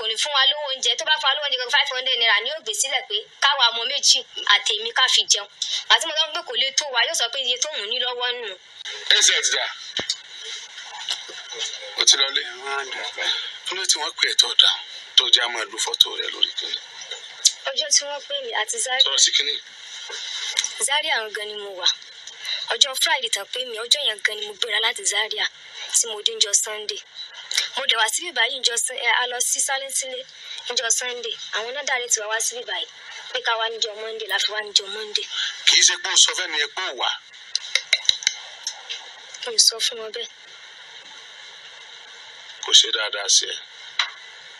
kò ní fún wa lówó oúnjẹ tó bá fún wa lówó oúnjẹ kankan five hundred naira ni yóò gbé sílẹ̀ pé káwa ọmọ méjì àtèmi ká fi jẹun àti mo sọ pé kò lè tó wa yóò sọ pé iye tó ń ní lọ́wọ́ nù. ẹsẹ̀ ti dà ó ti lọlé fúnlẹ̀ tí wọ́n pè é tó dà tó jẹ́ àmọ́ ìlú fọ́tò rẹ̀ lórí kìnnì. ọjọ́ tí wọ́n pè mí àti Zaria sọ̀rọ̀ sí kìnnì. Zaria àwọn gan ni mo wà ọjọ́ Friday tán pé mi ọjọ́ yẹn gan ni mo gbéra láti Zaria tí mo dé ń jọ Sunday mo dẹ̀ wá sí bíbá yìí ìjọ a lọ sí sálẹ́ńtílé ìjọ sunday àwọn náà dàrí tiwa wá sí bíbá pé ká wá níjọ monday la fi wá níjọ monday. kì í ṣe pé o sọ fẹ́ni ẹ pé ò wá. n sọ fún wọn bẹ́ẹ̀. kò ṣe dáadáa sí ẹ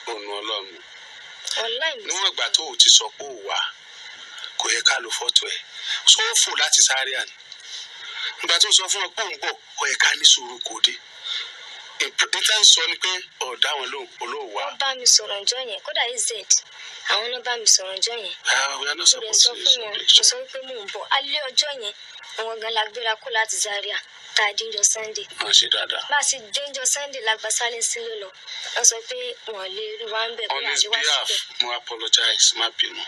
ò nu ọlọ́run. online níwọ̀n ìgbà tó o ti sọ pé ò wá kò yẹ ká lo fọ́tò ẹ̀ sọ fò láti sáré àná ìgbà tó sọ fún ọ pé òun bọ̀ kò yẹ ká ní sùúrù kò dé níta ń sọ ni pé ọ̀dà wọn olóòwò wa. wọ́n bá mi sọ̀rọ̀ ǹjọ́ yẹn kódà ez àwọn náà bá mi sọ̀rọ̀ ǹjọ́ yẹn. mo ah, sọ fún wọn mo sọ wípé mò ń bọ̀ alẹ́ ọjọ́ yẹn àwọn gan la gbéra kó láti Zaria tá a díjọ Sunday. ṣe dáadáa. bá ṣe díjọ Sunday la gba sálẹ̀nsì ló lọ wọ́n sọ pé wọ́n lè rí wa ń bẹ̀ bóyá àdéhùn síbẹ̀. on his behalf mo apologize má bínú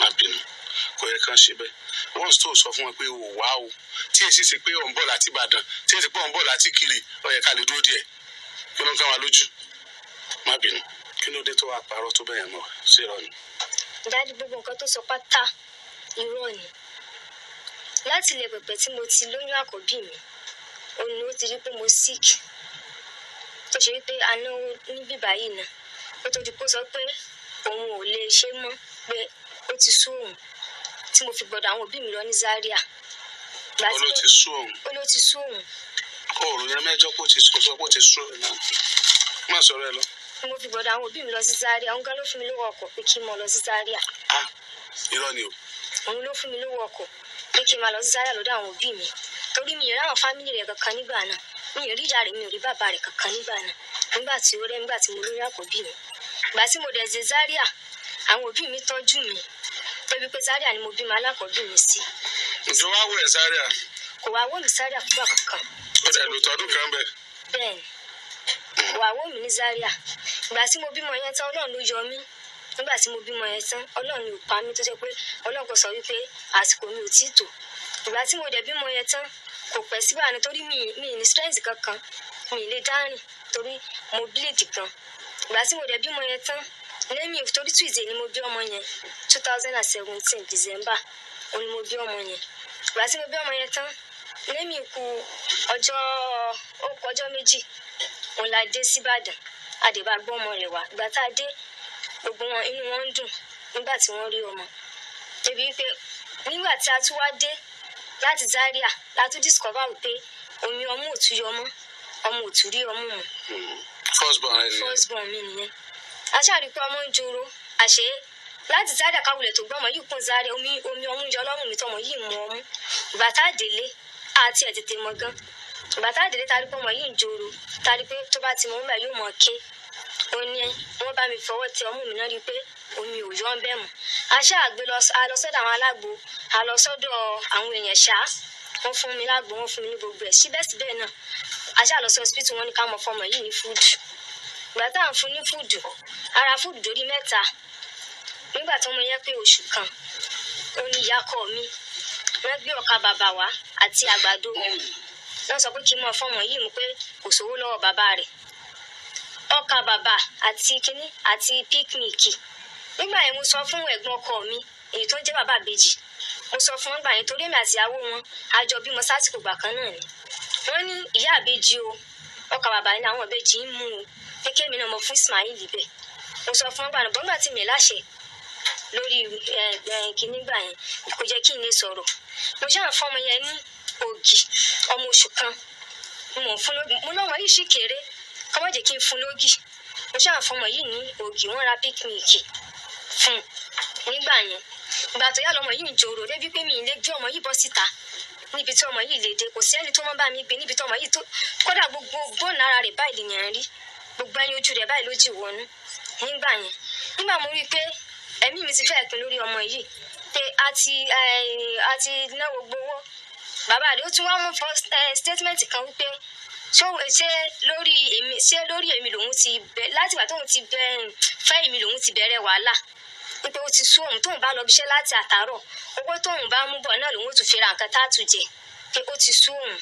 má bínú kò yẹ kán ṣe bẹ́ẹ̀ wọ́n tó sọ fún wọn pé wò wá o tí èsì ṣe pé òun bọ̀ láti Ìbàdàn tí èsì pé òun bọ̀ láti kiri ó yẹ ká lè dúró díẹ̀ kí ló ń kán wa lójú má bínú kí ló dé tó wàá parọ́ tó bẹ́ẹ̀ mọ̀ sí irọ́ ni. dáàdi gbogbo nǹkan tó sọ pátá irọ́ ni láti ilẹ̀ pẹ̀pẹ̀ tí mo ti lóyún àkọ́bí mi òun ni ó ti rí pé mo sick tó ṣe wípé aná níbí báyìí náà ó tó di kó sọ pé òun ò lè ṣe mọ́ pé ó ti sú tí mo fi gbọ́dọ̀ àwọn òbí mi lọ ní Zaria. olóò ti sú òun. olóò ti sú òun. òòrùn yẹn mẹ́jọ kó ti sọ kó ti sú òun má sọ̀rọ̀ ẹ lọ. mo fi gbọ́dọ̀ àwọn òbí mi lọ sí Zaria òun gan ló fún mi lówó ọkọ̀ pé kí n mọ lọ sí Zaria. a ah, irọ́ ni o. òun ló fún mi lówó ọkọ̀ pé kí n máa lọ sí Zaria lọ́dọ̀ àwọn òbí mi torí mi ò rí àwọn fámìlì rẹ̀ kankan nígbà náà mi ò rí ìyá rẹ̀ mi ò rí bàbá rẹ̀ kankan nígbà náà nígbà tí ó rẹ̀ nígbà tí mo lóyún àkọ́bí mi ìgbà tí mo dẹ̀ ṣe Zaria àwọn òbí mi tọ́jú mi wípé Zaria ni mo bímọ alákọ̀ọ́bí mi sí. ǹjọ́ wá wọ ẹ̀ Zaria. kò wá wọ mi Zaria púpọ̀ kankan. ó dẹ̀ lò tọdún kan bẹ́ẹ̀. bẹ́ẹ̀ni kò wá mi ní Zaria ìgbà tí mo bímọ yẹn tán Ọlọ́run ló yọ mí nígbà tí mo bímọ yẹn tán Ọlọ́run ló pa mí tó jẹ́ pé Ọlọ́run kò sọ wípé àsìkò mi ò tí ì tò ìgbà tí mo dẹ̀ bímọ yẹn tán kò pẹ́ sígbà ni torí mi mi ní strength kankan mi lè dárìn torí mo bleed gan ìgbà tí mo dẹ̀ bímọ yẹn tán lẹ́yìn torí tuesday ni mo bí ọmọ yẹn two thousand and seventeen december òun ni mo bí ọmọ yẹn ìgbà tí mo bí ọmọ yẹn tán lẹ́yìn ku ọjọ́ ó ọjọ́ méjì òun la dé síbàdàn àdèbà gbọ́ ọmọ rẹ̀ wá ìgbà tá a dé gbogbo wọn inú wọn ń dùn nígbà tí wọ́n rí ọmọ débi pé nígbà tí a tún wá dé láti Zaria la tún discover pé omi ọmú ò tún yọ mọ́ ọmọ ò tún rí ọmú mọ́. Hmm. first born mi nìyẹn aṣáàrí pé ọmọ ń joro àṣé láti Zaria káwulẹ̀ tó gbọ́mọ yìí kún Zaria omi omi ọmú yọ lọ́rùn mi tọmọ yìí mú ọmú bàtà délé àti ẹ̀ tètè mọ gan bàtà délé tari pé ọmọ yìí ń joro tari pé tó bá ti mọ ọmọ yóò mọ ké ó ní wọn bá mi fọwọ́ tẹ ọmú mi náà rí i pé omi ò yọ ń bẹ̀ mọ́ aṣá àgbẹ̀ alọ́sọ́dọ̀ àwọn alágbo alọ́sọ́dọ̀ àwọn èèyàn ṣá wọ́n fún mi lágbo wọ́n fún mi ní gbogbo ẹ̀ síbẹ̀síbẹ̀ náà aṣá àlọ́sọ́ hospital wọn ní ká mọ fọmọ yìí ní fúdù ìgbà tá à ń fún ní fúdù ara fúdù dórí mẹ́ta nígbà tó mọ yẹn pé oṣù kan òun ni ìyá kọ mi wọ́n gbé ọkà bàbà wá àti àgbàdo wọ́n sọ pé kí n mọ fọmọ yìí mú pé kò sówó lọ́wọ́ bàbá rẹ̀ ọkà bàbà àti kínní àti píkìnìkì nígbà yẹn mo sọ fún ẹ̀gbọ́n ọkọ mi èyí tó ń jẹ́ bàbá àbèjì mo sọ fún wọn yẹn torí èmi àti ìyàwó wọn a bímọ sásìkò gbà kan náà ni wọ́n ní ìyá àbèjì o ọkà bàbà ni àwọn àbèjì ń mú o pé kémi náà mo fún Ismail bẹ́ẹ̀ mo sọ fún ọgbà náà bọ́ńgbà tí mi láṣẹ lórí kìíní gbà yẹn kò jẹ́ kí n lè sọ̀rọ̀ mo ṣáà fún ọmọ yẹn ní ògì ọmọ oṣù kan mo fún lógì mo lọ́mọ yìí ṣì kéré kọ́ má jẹ́ kí n fún lógì mo ṣáà fún ọmọ yìí ní ògì wọ́n ra pick milk fún nígbà yẹn ìgbà tó yá lọmọ yìí ń jòrò débi pé mi ì lè gbé ọmọ yìí bọ́ síta níbi tí ọmọ yìí lè dé kò sí ẹni tó mọ́ bá mi gbé níbi tí ọmọ yìí tó kódà gbogbo bọ́ọ̀nù ara rẹ̀ báyìí lè rí gbogbo ẹyin ojú rẹ̀ báyìí ló jì wọnú nígbà yẹn nígbà mo rí i pé ẹ̀mí mi ti fẹ́ pin lórí ọmọ yìí pé a ti eh, a ti ná gbogbo owó bàbá àdé ó tún wá mú eh, statement kan wípé ṣé lórí èmi ṣé lórí èmi lòun ti bẹ láti ìgbà tóun ti bẹ fẹ́ èmi lòun ti bẹ̀rẹ̀ wàhálà pé ó ti sú òun tóun bá lọ bíṣẹ́ láti àtàárọ̀ owó tóun bá mú bọ̀ náà lòun ó tún fi ra nǹkan tá a tún jẹ pé o ti sú òun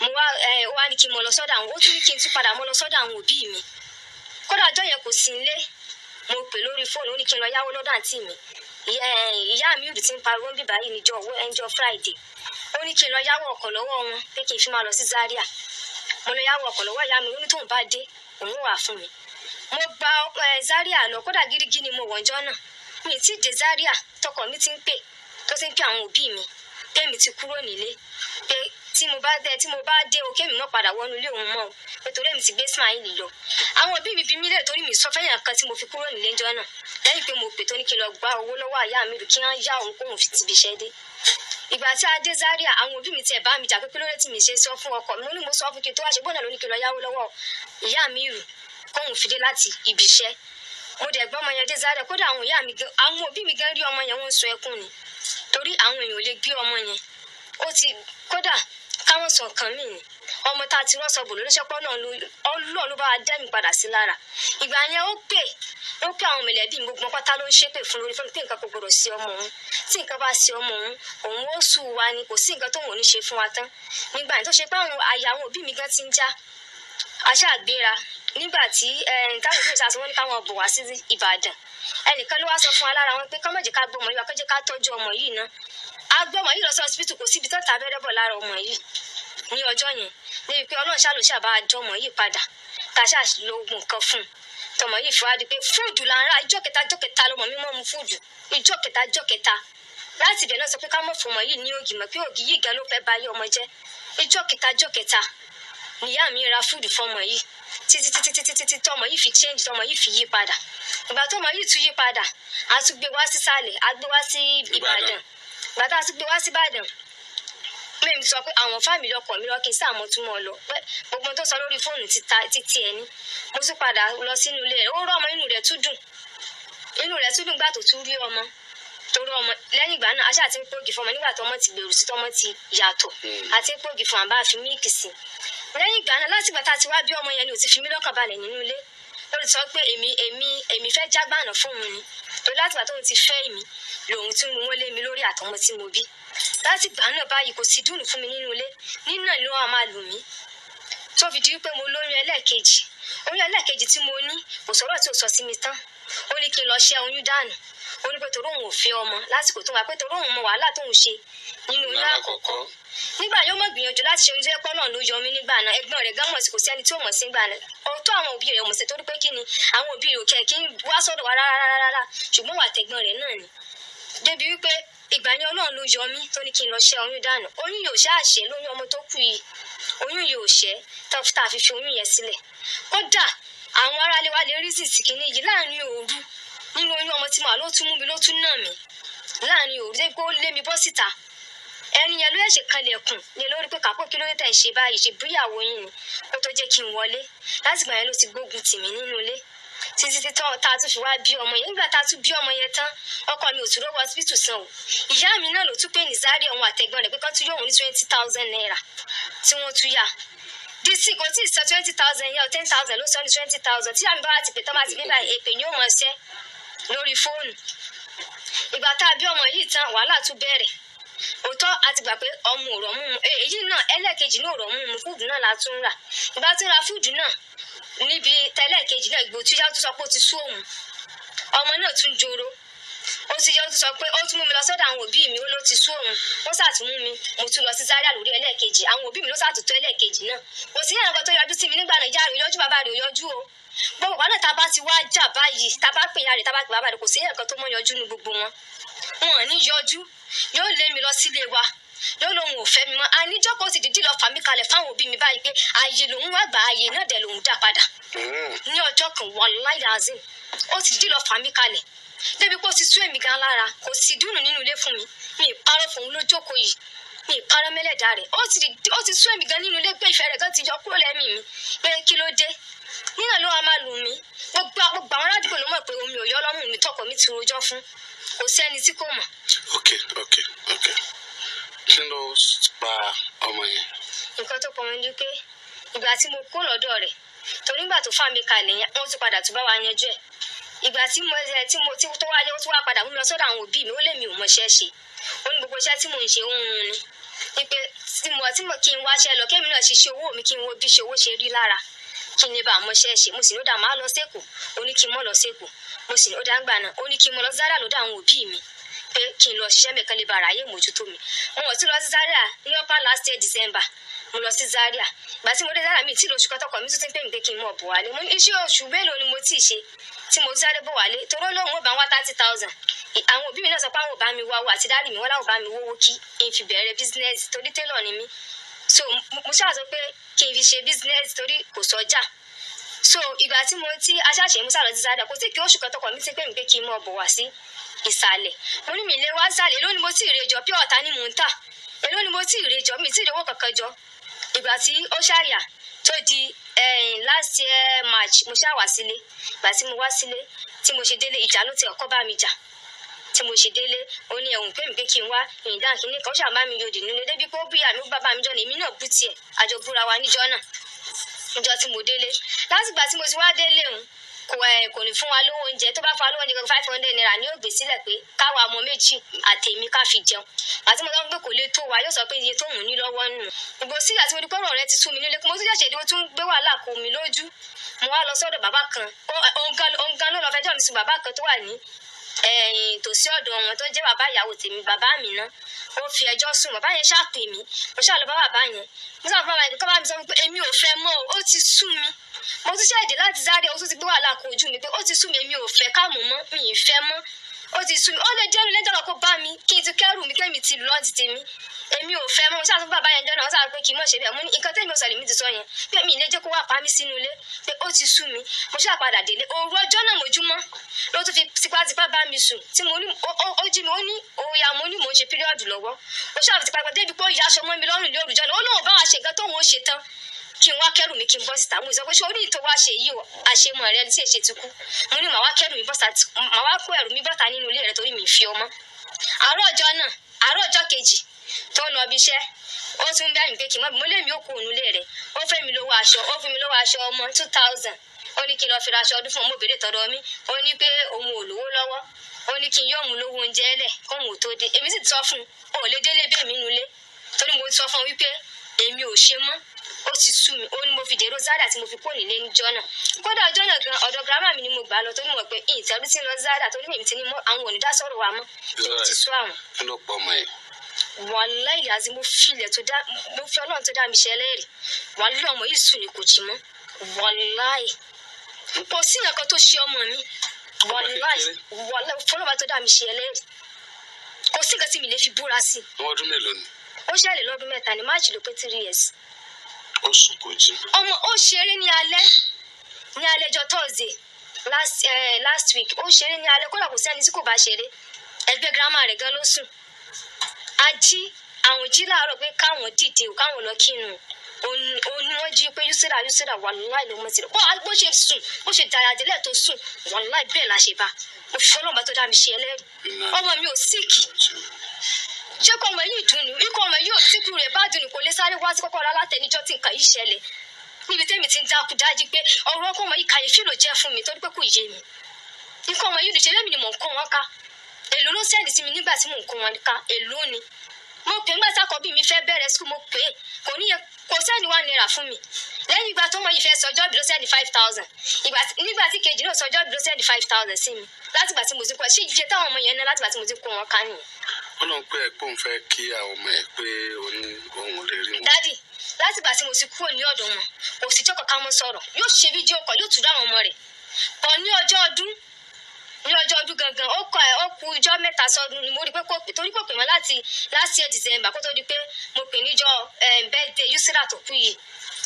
mo wá ẹ wá ní kí n mọ lọ sọ́dọ̀ àwọn ó tún ní kí n tún padà mọ lọ sọ́dọ̀ àwọn òbí mi kódà ọjọ́ yẹn kò sí nílé mo pè lórí fóònù ó ní kí n lọ yáwó lọ́dọ̀ àǹtí mi ìyá mi ò ti ń pariwo ń bì báyìí níjọ́ owó ẹnjọ́ friday ó ní kí n lọ yáwó ọkọ̀ lọ́wọ́ wọn pé kí n fi máa lọ sí zaria mo lọ yáwó ọkọ̀ lọ́wọ́ ìyá mi ó ní tóun bá dé òun wà fún mi mo gba zaria lọ kódà gírígí ni mo wọ̀njọ́ náà mi ti dé zaria tọkọ mi ti ń pè tó ti ń pè àwọn òbí mi pé mi ti kúrò nílé pé tí mo bá dé tí mo bá dé o kémi mọ́ padà wọnú ilé òun mọ́ nítorí èmi ti gbé Ismail lọ àwọn òbí mi bí mi lẹ̀ torí mi sọ fẹ́yàn kan tí mo fi kúrò nílé ńjọ́ náà lẹ́yìn pé mo pè tó ní kí n lọ gba owó lọ́wọ́ àyá mi rù kí wọ́n yá òun kóun fi tìbí iṣẹ́ dé ìgbà tí a dé Zaria àwọn òbí mi tiẹ̀ bá mi jà pé lórí tí mi ṣe sọ fún ọkọ mi ní mo sọ fún kí n tó wá ṣe bọ́ọ̀nà lóní lọ yáwó lọ́wọ́ ìyá mi rù kóun fi dé láti ibi iṣẹ́ mo dẹ̀ gbọ́ ọmọ yẹn dé Zaria kódà àwọn ìyá mi àwọn òbí mi gan ọmọ yẹn wọ́n ń sun ẹkún ni torí àwọn èèyàn ò lè gbé ọmọ yẹn kódà káwọn sọ nǹkan mí yìí ọmọ tá a ti rán sọgbọn lóníṣẹpọ náà Ọlọ́run ló bá wa dá mi padà sí lára ìgbà yẹn ó pè ó pè àwọn mẹlẹbí mi gbogbo pátá ló ń ṣépè fún lórí fún tí nǹkan kò gbọdọ̀ sí ọmọ òun tí nǹkan bá sí ọmọ òun òun ó sùn wa ni kò sí nǹkan tó wọn ò ní ṣe fún wa tán nígbà yẹn tó ṣe pé àwọn àyàwó òbí mi gan ti ń já aṣáàgbéra nígbà tí káwọn bọ̀ wá sí a gbé ọmọ yìí lọ sí ọsibítù kò síbi tọ́ta abẹ́rẹ́ bọ̀ lára ọmọ yìí ní ọjọ́ yẹn débi pé ọlọ́run ṣàlò ṣàbá àjọ ọmọ yìí padà ká ṣáà lo oògùn kan fún un tọmọ yìí fi wá di pé fúùdù là ń ra ìjọ kẹta ìjọ kẹta lọmọ mi mọ́ mu fúùdù ìjọ kẹta ìjọ kẹta láti ibẹ̀ náà sọ pé ká mọ̀ fún ọmọ yìí ní ògì mọ̀ pé ògì yìí gan ló fẹ́ ba ayé ọmọ jẹ́ ìjọ kẹta ìjọ kẹta níyà mi ra fúùdù fọmọ yìí títí títí títí títí tọmọ yìí fi change tọmọ yìí fi yí padà ìgbà tọmọ yìí tún yí padà a tún gbé wá sísàlẹ̀ a gbé wá sí Ìbàdàn bàtà sí gbé wá sí Ìbàdàn mẹ́mi sọ pé àwọn fámìlì ọkọ mi lọ́kì sí àmọ́ túmọ̀ lọ pé gbogbo tó sọ lórí fóònù títí ẹni mo tún padà lọ sínú ilé rẹ̀ ó rọ ọmọ inú rẹ̀ tún dùn inú rẹ̀ tún dùn gbà tó tún rí ọmọ torí ọmọ lẹ́yìn ìgbà náà aṣáà ti ń pògì fún ọmọ nígbà tó ọmọ ti gbèrú sí tọmọ ti yàtọ̀ àti hmm. ń pògì fún àbá mílíkì sí lẹ́yìn ìgbà náà láti ìgbà tá a ti wá bí ọmọ yẹn ni ò ti fi mí lọ́kàn balẹ̀ nínú ilé ó ti sọ pé èmi èmi èmi fẹ́ jágbàna fún òun ni torí látìgbà tóun ti fẹ́ èmi lòun tún mú wọn lé mi lórí àtọmọ tí mo bí látìgbà náà báyìí kò sí dùnú fún mi nínú ilé nínú náà ló wà máa lù mí tó fi di wípé mo lóyún ẹlẹ́ẹ̀kejì oyún ẹlẹ́ẹ̀kejì tí mo ní kò sọ̀rọ̀ tí ò sọ sí mi tán ó ní kí n lọ ṣe oyún dànù ó ní pé torí òun ò fẹ́ ọmọ lásìkò tó wà pé torí òun mọ wàhálà tóun ṣe nínú oyún àkọ́kọ́ nígbà yóò mọ̀ gbìyànjú láti ṣe ohun tó ló yọ mí nígbà náà ẹ̀gbọ́n rẹ̀ gámọ̀ sí kò sí ẹni tí ò mọ̀ sí gbà náà ọ̀tọ̀ àwọn òbí rẹ̀ mọ̀sẹ̀ torí pé kí ni àwọn òbí rẹ̀ ò kí n wá sọ́dọ̀ wa rárá rárá wà tẹ̀gbọ́n rẹ̀ náà ni débi wípé ìgbà yẹn ọlọ́run ló yọ mí tó ní kí n lọ ṣe oyún dànù oyún yóò ṣáà ṣe lóyún ọmọ tó kù yìí oyún yóò ṣe tọ́fítà fífi oyún yẹn sílẹ̀ kódà àwọn aráalé wa lè rí sísìkì ní yìí láàrin òru nínú oyún ọmọ tí màá ló tún mú mi ló tún nà mí láàrin òru jẹ́ pé ó lé mi bọ́ síta ẹni yẹn ló yẹ ṣe kanlẹ̀kùn ni lórí pé kàpọ̀ kí ló yẹ tẹ̀ ń ṣe báyìí ṣe bíyàwó yín ni ó tó jẹ́ kí n wọlé lásìgbà yẹn ló ti gbógun tì mí nínú ilé títí tí tá a tún fi wá bí ọmọ yẹn nígbà tá a tún bí ọmọ yẹn tán ọkọ mi ò tún lọ́wọ́ hospital san o ìyá mi náà ló tún pè ní sáré ọ̀hún àtẹ̀gbọ́n rẹ̀ pé kán tún yóò wọ́n ní twenty thousand naira tí wọ́n tún yà disi kò tí ì sọ twenty thousand yẹn o ten thousand ló sọ ní twenty thousand tí àmì bá ti pè tán bá ti bí báyìí èpè ni ó mọ̀ ṣẹ́ lórí fóònù ìgbà tá a bí ọmọ yìí tán wàhálà tún bẹ̀rẹ̀ òótọ́ a ti gbà pé ọmọ òrọ̀ mú mu èyí náà ẹlẹ́ẹ̀kejì náà òrọ̀ mú mu fúdù náà la tún rà ìgbà tí ń ra fúdù náà níbi tẹ́lẹ̀kejì náà ìgbò tíjà tún sọ pé ó ti sú òun ọmọ náà tún joro ó ti yọ ó ti sọ pé ó tún mú mi lọ sọ́dọ̀ àwọn òbí mi ó ló ti sú òun wọ́n ṣàtún mú mi mo tún lọ sí Zaria lórí ẹlẹ́ẹ̀kejì àwọn òbí mi ló ṣàtúntò ẹlẹ́ẹ̀kejì náà kò sí ẹ̀rọ tó yọjú sí mi nígbà náà ìyá rẹ̀ yọjú bàbá rẹ̀ yọjú o gbogbo wọn náà tá ti wá jà báyìí tá pè ya rẹ̀ tá pè bàbá rẹ̀ kò sí ẹ̀kan tó mọ́ yọjú nu gbogbo wọn wọn ní yọjú yóò lé mi lọ sílé wa yóò lóun ò fẹ́ mi mọ́ àníjọ́ kó sì dídí lọ fà mí kalẹ̀ fáwọn òbí mi báyìí pé ààyè lòun wá gbà ààyè náà dẹ̀ lòun dá padà hmm. ní ọjọ́ kan wà láìláàzín ó sì dídí lọ fà mí kalẹ̀ débi pé ó ti sú èmi gan lára kò sì dùnú nínú ilé fún mi mi ì parọ́ fún un lójókòó yìí mi ì parọ́ mẹ́lẹ̀dá rẹ̀ ó ti sú èmi gan nínú ilé pé ìfẹ́ rẹ̀ gan ti yọ kúrò lẹ́mìí mi pé kí ló dé nínà ló wàá máa lù mí gbogbo àgbogbo àwọn aládùúgbò ló mọ̀ pé omi ò yọ lọ́mù mi tọkọ mi ti rojọ́ fún kò sẹ́ni tí kò mọ̀. ok ok ok kí ló pa ọmọ yẹn. nǹkan tó pọ̀ wọn ni pé ìgbà tí mo kó lọ́dọ̀ rẹ̀ torí ìgbà tó fà mí kalẹ̀ wọ́n tún padà tún bá wa yanjú ẹ̀ ìgbà tí mo ẹ eh, tí mo tí tó wá yẹ tó wá padà mú mi lọ sọ́dọ̀ àwọn òbí mi ó lè mi ò mọṣẹ́ ṣe ó ní gbogbo iṣẹ́ tí mò ń ṣe òun ni wípé tí mo tí mo kí n wáṣẹ́ lọ kémi náà ṣiṣẹ́ owó mi kí n wo bí ṣe owó ṣe rí lára kí n lè bá mọṣẹ́ ṣe mo sì ní ó dà máa lọ sẹkọọ ó ní kí n mọ lọ sẹkọọ mo sì ní ń gbà náà ó ní kí n mọ lọ Zaria lọ́dọ̀ àwọn òbí mi pé kí n lọ ṣiṣẹ́ mẹkan lè bá ara ayé mójútó mi wọn ò last year December mo lọ sí Zaria ìgbà tí mo dé Zaria mi tí lóṣù kọtọkọ mi tún ti ń pè mí pé kí n mọ̀ bọ̀ wálé mo ní iṣẹ́ oṣù mélòó ni mo tí ì ṣe tí mo sáré bọ̀ wálé torí olóhùn ó bá wá thirty thousand àwọn òbí mi náà sọ pé àwọn ò bá mi wá owó àti dáàdì mi wọn láwọn bá mi wówó kí n fi bẹ̀rẹ̀ bísínẹ́sì torí télọ̀ ni mí so mo ṣáà sọ pé kí n fi ṣe bísínẹ́sì torí kò sọ́jà so ìgbà tí mo ti aṣáṣe musa lọ sí Zaria kò tí kí oṣù kọtọkọ mi ti pè mí pé kí n mọ̀ bọ̀ wá sí ìsàlẹ̀ mo ní mi lé wá sàlẹ̀ lónìí mo sì rèjọ pure ọ̀tá ni mò ń tà èló mo ti rè jọ mi ti rè owó kankan jọ ìgbà tí ó ṣàyà tó di eh, last year march mo ṣá wá sílé ìgbà tí mo wá sílé tí mo ṣe délé ìjà ló ti ọkọ bá mi jà tí mo ṣe délé ó ní ẹ̀wùn pé mi pé kí n wá ìdá kínní kan ṣàbá mi yòdì nínú débi pé ó bí àmì bàbá mi jọ ní èmi náà bú tiẹ̀ àjọ búra wa níjọ́ náà níjọ́ tí mo délé látìgbà tí mo ti wá délé òun Eh, kò ní fún wa lówó oúnjẹ tó bá fún wa lówó oúnjẹ five hundred naira ni yóò gbé sílẹ̀ pé káwa ọmọ méjì àtèmi ká fi jẹun àti mo sọ pé kò lè tó wa yóò sọ pé iye tóun ní lọ́wọ́ nù gbogbo sílẹ̀ àti mo rí pọ́nrọ̀ rẹ ti sú mi nílé mo tún ṣẹ̀ṣẹ̀ dé mo tún gbé wàhálà kò mí lójú mo wá lọ sọ́dọ̀ bàbá kan òǹkan ló lọ fẹjọ́ mi sùn bàbá kan tó wà ní ẹ̀yìn eh, tòsí ọ̀dọ̀ wọn tó jẹ́ bàbá ìyàwó tèmi bàbá mi ná ó fi ẹjọ́ sùn bàbá yẹn ṣáà pè mí mo ṣáà lọ bá bàbá yẹn mo sábà bá bàbá yẹn kọ́ bá mi sọ pé èmi ò fẹ́ mọ́ o ó ti sú mi mo tún ṣẹ̀dẹ̀ láti sáré o tún ti gbé wàhálà kan ojú mi pé ó ti sú mi mi ò fẹ́ káàmù mọ́ mi ì fẹ́ mọ́ ó ti sú mi ó lè jẹ́ mi lẹ́jọ́ lọ kó bá mi kí n ti kẹ́rù mi kẹ́mi ti lọ́ ti tèmi èmi ò fẹ́ mọ́ mo ṣáà tún bàbá yẹn jọ́nà wọ́n ṣáà pé kì í mọ̀ ṣe bẹ́ẹ̀ mo ní nǹkan tẹ́mi ọ̀sẹ̀ mi ti sọ yẹn pé mi ìlé jẹ́ kó wà pa mí sínú ilé pé ó ti sú mi mo ṣáà padà délé òru ọjọ́ náà mojúmọ́ ló tún fi tipátipá bá mi sùn tí mo ní ó jí mi ó ní òòyà mo ní mò ń ṣe píríọ̀dù lọ́wọ́ ó ṣáà débi pé ó yá aṣọ mọ́ mi lọ́rùn lóru jọ́nà ó lóun bá wa ṣe nǹkan tóun ó ṣe tán kí n wá kẹrù mi kí n bọ́ síta mo sọ pé ṣé orí ìtọ́wá ṣe yìí o àṣemọ rẹ tí èṣe ti kú mo ní màá wá kẹrù mi bọ́ta màá wá kó ẹrù mi bọ́ta nínú ilé rẹ torí mi fi ọmọ àárọ̀ ọjọ́ náà àárọ̀ ọjọ́ kejì tó ń lọ bí iṣẹ́ ó tún bẹ́ẹ̀ mi pé kì í mọ́ mo lé mi ó kú òun ilé rẹ̀ ó fẹ́ mi lówó aṣọ ó fún mi lówó aṣọ ọmọ two thousand ó ní kí n lọ fi raṣọ ọdún fún ọmọ òbèrè tọ̀dọ̀ mi ó ní pé òun ò lówó lọ́wọ́ ó ní kí n yọ òun lówó oúnjẹ ẹlẹ kóun ò tó dé èmi sì sọ fún un ò lè délé bẹ́ẹ̀ mi nulẹ̀ torí mo sọ fún un wípé èmi ò ṣe mọ́ ó ti sú mi ó ní mo fi dèrò zada tí mo fi kó nílé níjọ́ náà kódà ọjọ́ náà gan ọ̀dọ̀ grandma mi ni mo gbà lọ tó ní mọ̀ pé ìtẹ́rù ti lọ zada tó ní èmi ti ní mọ́ àwọn ò ní dá sọ̀rọ̀ wa mọ́ èmi ti sú àwọn. kí ló pọ̀ mọ́ ẹ̀ wàláì àti mo filẹ̀ tó dá mo fi ọlọ́run tó dá mi ṣe ẹlẹ́rìí wàláì ọmọ yìí sùn ní kò jí mọ́ wàláì kò sí nǹkan tó ṣe ọmọ mi wàláì wàláì fọlọ́ba tó dá mi ṣe ẹlẹ́rìí kò sí nǹkan tí mi lè fi búra sí. ọmọ ọdún mélòó ni. ó ṣẹlẹ̀ lọ́dún mẹ́ta ní máàcì ló pé three years ó sùn kò jí. ọmọ ó ṣeré ní alẹ́ ní alẹ́jọ́ thursday last uh, last week ó ṣeré ní alẹ́ kódà kò sẹ́ni tí kò bá ṣeré ẹgbẹ́ girama rẹ̀ gan ló sùn a jí àwọn jí láàárọ̀ pé káwọn dìde o káwọn lọ kírun òun ni wọ́n jí pé yusera yusera wàláì ló mọ sí i bó bó ṣe sùn bó ṣe dara délẹ̀ tó sùn wàláì bẹ́ẹ̀ la ṣe bá mo fi tó dá mi ṣe ẹlẹ́rìí ọmọ mi ò síìkì ṣé kọ́ ọmọ yìí dùn ní ikọ̀ ọmọ yìí ò tíkù rẹ̀ bá dùn ní kò lè sáré wá sí kọ́kọ́ rárá látẹnijọ́ tí nǹkan yìí ṣẹlẹ̀ níbi tẹ́mi ti ń dákú dájí pé ọ̀rọ̀ ọkọ̀ ọmọ yìí kàyéfì ló jẹ́ fún mi torí pé kò yé mi ikọ̀ ọmọ yìí lùjẹ́ lẹ́mìí ni mò ń kọ́ wọn ká èlò ló sẹ́ẹ̀dì sí mi nígbà tí mò ń kọ́ wọn ká èlò ni mo pè ńgbà tá àkọ́bí mi fẹ́ bẹ̀rẹ̀ skul mo pè é kò níye kò sẹ́ni wà náírà fún mi lẹ́yìn ìgbà tó mọ ìfẹ́ sọjọ́ bí ló sẹ́ni five thousand nígbà tí kejì náà sọjọ́ bí ló sẹ́ni five thousand sí mi látìgbà tí mo ti kọ́ ṣé ìdíje táwọn ọmọ yẹn ní látìgbà tí mo ti kọ́ wọn ká nìyẹn ó lóun pé ẹ pé òun fẹ́ kí àwọn ọmọ ẹ pé òun lè rí wọn. dádì láti ìgbà tí mo ti kúrò ní ọ̀dọ̀ wọn kò sì jọ́ kankan mọ́ sọ̀rọ̀ yóò ṣe fídíò kọ̀ yóò tún dá àwọn ọmọ rẹ̀ pọ̀ ní ọjọ́ ọdún ní ọjọ́ ọdún gangan ó kọ ẹ̀ ó kù ijọ́ mẹ́ta sọdún ni mo rí pé kò pè torí kò pè mọ́ láti last year december kó tó di pé mo pè níjọ́ eh, birthday yusra tó kú yìí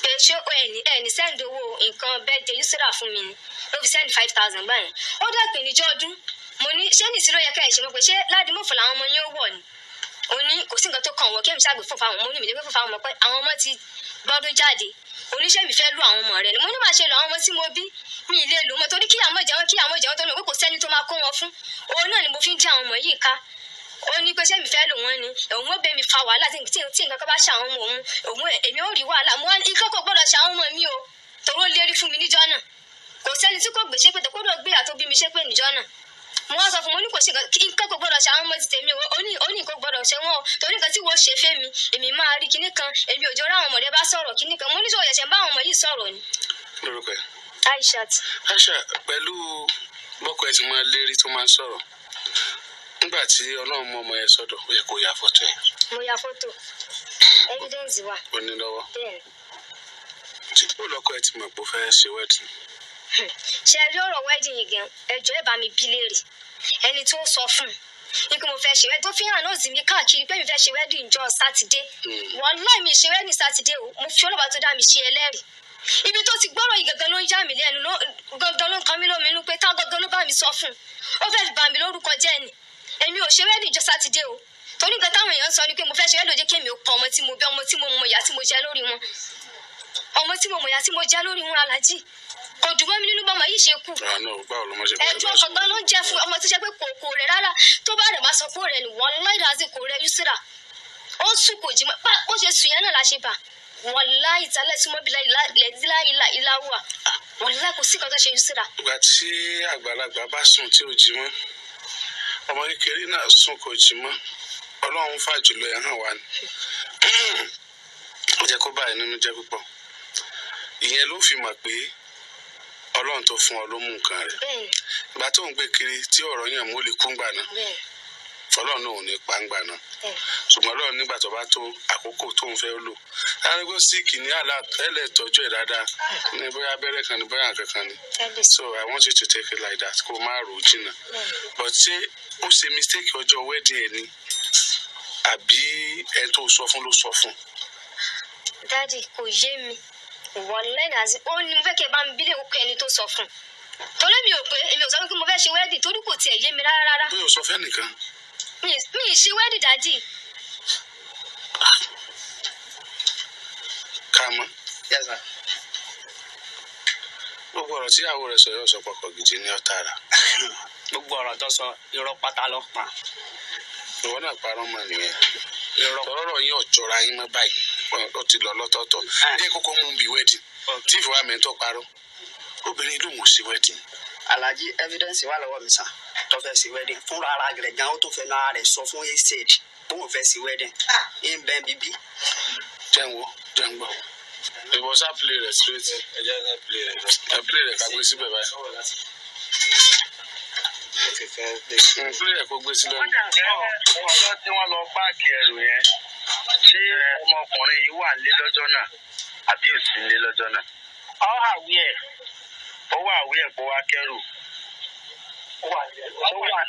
pé ṣé ẹni ẹni send owó nǹkan birthday yusra fún mi ni ló fi send five thousand báyìí ó dẹ̀ pè níjọ́ ọdún mo ní ṣé nìsí ló yẹ ká ẹ ṣe gbogbo ṣé ládìmọ̀fọ̀ làwọn ọmọ yín ó wọ̀ ni ó ní kò sí nǹkan tó kàn wọ́n kí ẹ̀mí ṣàgbé fún fáwọn ọmọ onímọ̀ ìdẹ́gbẹ́ fún fáwọn ọmọ pé àwọn ọmọ ti gbọ́dún jáde oníṣẹ́ mi fẹ́ lu àwọn ọmọ rẹ mo ní máa ṣe lọ àwọn ọmọ tí mo bí mi ì lè lò torí kí àwọn ìjà wọn kí àwọn ìjà wọn tó lò pé kò sẹ́ni tó máa kó wọn fún òun náà ni mo fi ń dí àwọn ọmọ yìí ká ó ní pé sẹ́mi fẹ́ lò wọ́n ni òun ó bẹ mi fa wàhálà tí nǹkan kan bá ṣe àwọn ọmọ òun òun èmi ò rí wàhálà mo nǹkan kò gbọ́dọ̀ ṣe àwọn ọmọ mi o tòró lérí fún mi níjọ́ náà kò sẹ́ni tí kò gbèsè pé tòkó lọ gbé mo wá sọ fún mo ní kò ṣe nǹkan kò gbọ́dọ̀ ṣe àwọn ọmọ ti tèmi o ní nǹkan gbọ́dọ̀ ṣe wọn o torí nǹkan tí wọ́n ṣe fẹ́ mi èmi máa rí kinní kan èmi òjò ra ráwọn ọmọdé bá sọ̀rọ̀ kinní kan mo ní sọ̀rọ̀ yẹ̀sẹ̀ bá àwọn ọmọ yìí sọ̀rọ̀ ni. lórúkọ ẹ. Aisha pẹ̀lú ẹ ti máa tó máa ń sọ̀rọ̀ nígbà tí ọlọ́run mọ ṣe rí ọ̀rọ̀ wedding yìí gan ẹjọ́ ẹ̀ bá mi bí léèrè ẹni tó sọ fún un ikú mo fẹ́ ṣe wedding tó fi hàn náà sì mí káàkiri pé mi fẹ́ ṣe wedding jọ sátidé hmm. wọn láì mi ṣe wedding sátidé o mo fi ọlọ́pàá tó dá mi ṣe ẹlẹ́rìí ibi tó ti gbọ́rọ̀ yìí gangan ló ń yà mí lẹ́nu gangan ló ń kan mí lóminú pé tá gangan ló bá mi sọ fún un ó fẹ́ bà mí lórúkọ jẹ́ ni èmi ò ṣe wedding jọ sátidé o torí nǹkan táwọn èèyàn ń sọ ni pé mo fẹ́ ṣe wedding jẹ́ kémi ó pọ̀ ọmọ tí mo bí ọmọ tí mo mọ̀ ìyá tí mo jẹ́ lórí wọn ọmọ tí mo mọ̀ ìyá tí mo jẹ́ lórí wọn alájí kò dùn mọ́ mi nínú bọ́mọ yìí ṣe kú. ẹ̀dùn ọkàn ló ń jẹ́ fún ọmọ tó jẹ́ pé kò kò rẹ̀ rárá tó bá rẹ̀ máa sọ kó rẹ̀ nìwọ̀n láìdá sí kò rẹ̀ yusra ó sùn kò jí mọ́ bó ṣe sùn yẹn náà la ṣe wọ́n láì tálẹ̀ sí mọ́bí láìláwà wọ́n láì kò sí kan tó ṣe yusra. ìgbà tí àgbàlagbà bá sùn tí ò jí mọ́ ọmọ kékeré náà sùn kò jí mọ́ ọlọ́run fàjùlọ ẹ̀ hàn wá ni ó jẹ́ kó báyìí nínú jẹ́ púpọ̀ ìyẹn ló fi mọ̀ pé ọlọ́run tó fún ọ ló mú nǹkan rẹ̀ ìgbà tó ń gbé kiri tí ọ̀rọ̀ yẹn mú lè kú ngbà náà fọlọ́run náà ò ní pa ngbà náà ṣùgbọ́n ọlọ́run nígbà tó bá tó àkókò tó ń fẹ́ lò arígbó síìkì ní àlá ẹlẹ́ tọ́jú ẹ̀ dáadáa ah. ní bóyá abẹ́rẹ́ kan ní bóyá nǹkan kan ni so i want you to take it like that kó má rò ó jìnnà but ṣé ó ṣe mistake ọjọ́ wedding ẹ̀ ni àbí ẹni tó sọ fún ló sọ fún. dádì kò yé mi wọlé nàzi ó ní mo fẹ́ kí ẹ bá mi bí lè kó ẹni tó sọ fún un torí mi ò pé èmi ò sọ pé mo fẹ́ ṣe wẹ́ẹ̀dì torí kò tiẹ̀ yé mi rárá rárá. mi ò sọ fẹ́ nìkan. mi ì ṣe wẹ́ẹ̀dì dájì. kàmọ́ gbogbo ọ̀rọ̀ tí ìyàwó rẹ̀ sọ yóò sọ pọ̀pọ̀ gidi ní ọ̀tara. gbogbo ọ̀rọ̀ tó sọ irọ́ pátá ló pa. ìwọ náà parọ́ mọ́ nìyẹn. irọ́ ọ̀rọ̀ yín ò jọra yín mọ́ báyìí ó ti lọ lọ́tọ̀ọ̀tọ̀ ah. jẹ́ kókó mú un bí wedding tí ìfowó àmì tó parọ́ obìnrin ló mọ̀ sí wedding. alhaji evidence wà lọ́wọ́ mi sàn tó fẹ́ sí wedding fúnra ara rẹ̀ gan ó tó fẹ́ náà rẹ̀ sọ fún estate bó ah. ń fẹ́ sí wedding ń bẹ́ bíbí. jẹ́wọ́ jẹ́ngbọ́ ìwọ sá play rẹ̀ straight ẹ jẹ́ ká play rẹ̀ ẹ play rẹ̀ ká gbé síbẹ̀ báyìí play rẹ̀ kó gbé sílẹ̀. ọ̀rọ̀ tí wọ́n lọ páàkì ẹrù yẹn ṣé ọmọkùnrin yìí wà lé lọ́jọ́ náà àbí ò sí lé lọ́jọ́ náà. ọ àwí ẹ ó wà àwí ẹ kó wá kẹrù ó wà ní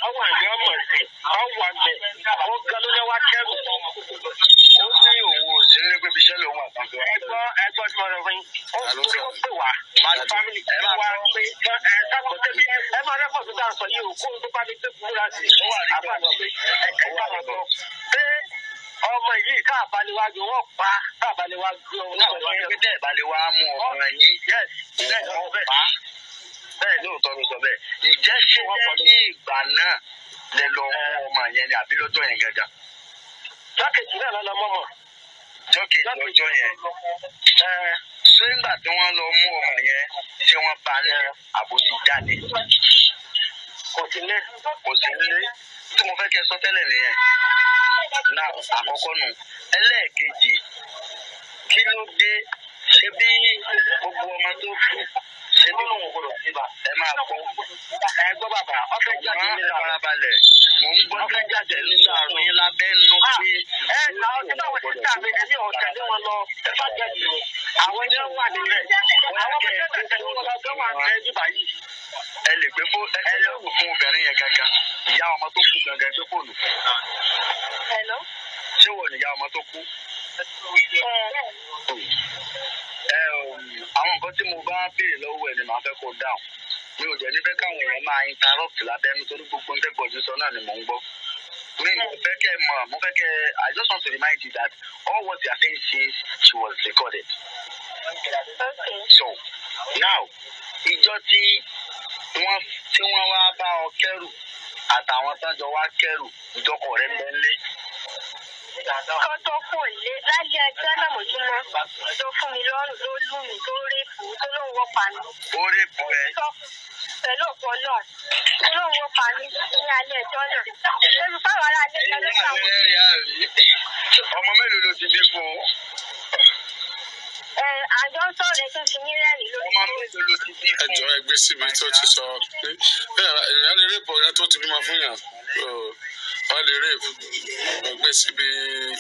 ọmọ sí ọ wà bẹ ó gan ló lẹ́wà kẹrù ó ní òun ò sí nílé pébi iṣẹ́ lòun àtàkùn. ẹgbọ́ ẹgbọ́ tí mo rọ fún yín ó tó ó pè wá màá fámìlì kí wọ́n wá pé ẹ sábò débi ẹ máa rẹ́pọ̀ tó dáa sọ yìí ò kó o tó bá mi tó kúrò láti àbá mi pé ẹ ká lọ sọ pé ọmọ yìí tá a wọn pa tá a wọn. náà wọ́n ṣe pé tẹ́ mú ọmọ yìí bẹ́ẹ̀ ló pa bẹ́ẹ̀ lóòótọ́ ló sọ bẹ́ẹ̀ ìjẹ́ ṣe lẹ́yìn ìgbà náà lẹ lọ mú eh. ọmọ yẹn ni àbí lọ́jọ́ yẹn gangan. jákèjì náà lọ mọ́ jákèjì lọ́jọ́ yẹn eh, ṣé ńgbà tí wọ́n lọ mú ọmọ yẹn ṣé wọ́n bá ní eh. àbòsí jáde. kò sí lé kò sí lé tí mo fẹ́ kẹ́ sọ tẹ́lẹ̀ nìyẹn náà àkọ́kọ́ nù ẹlẹ́ẹ̀kejì kí ló dé ṣe bí gbogbo ọmọ tó kú ṣe bí lóun gbọdọ̀ níbà ẹ máa gbọ́ ẹ gbọ́ bàbá ọ̀fẹ́ jáde nílẹ̀ farabalẹ̀ bóyá jáde nínú àrùn yín lábẹ́ nù pé. ẹ nà ọ síbẹ̀ wọ́n ti tà mí èmi ò tẹ̀lé wọn lọ ẹ̀fọ́ jẹ̀bi o àwọn ni wọ́n wà níbẹ̀ àwọn ọmọ tẹ̀lé tẹ̀lé wọn lọ sọ́wọ́n àtẹ̀ ní báyìí. ẹ lè gbé fún ẹ lè wù fún obìnrin yẹn gangan ìyá ọmọ tó kú gangan tó kò lù. ṣé wọ ni ìyá ọmọ tó kú. Um, àwọn nǹkan tí mo bá béèrè lọ́wọ́ ẹ̀ ni màá fẹ́ kó dáhùn mi ò dẹ̀ níbẹ̀ káwọn èèyàn máa interrupt lábẹ́nu torí gbogbo ń tẹ́gbọ̀n ní sọ náà ni mò ń gbọ́. mi ò fẹ́ kẹ́ mọ̀ mo fẹ́ kẹ́ I just want to remind you that all what you are saying she was recorded. so now ìjọ tí wọ́n tí wọ́n wá bá ọ kẹ́rù àtàwọn tán wá kẹ́rù ìjọkọ̀ rẹ̀ mẹ́lẹ́ kan tó kù lé lálẹ́ ẹjọ́ náà mọ̀júmọ́ ló fún mi lọ́rùn ló lù mí tó rèpù tó lóun wọ pàmí. ó rèpù ẹ. pẹ̀lú ọ̀pọ̀ náà tó lóun wọ pàmí ní alẹ́ ẹjọ́ náà. lórí fáwọn ará alẹ́ ẹjọ́ náà wọ̀. ọmọ mélòó ló ti bí fún un? àjọ ń sọ rẹ tó ti ní rẹ́ẹ̀lì lórí. ọmọ mélòó ló ti bí fún un? ẹjọ́ síbi tó ti sọ pé bẹ́ẹ̀ ìyá wọ́n lè rè kò gbé síbi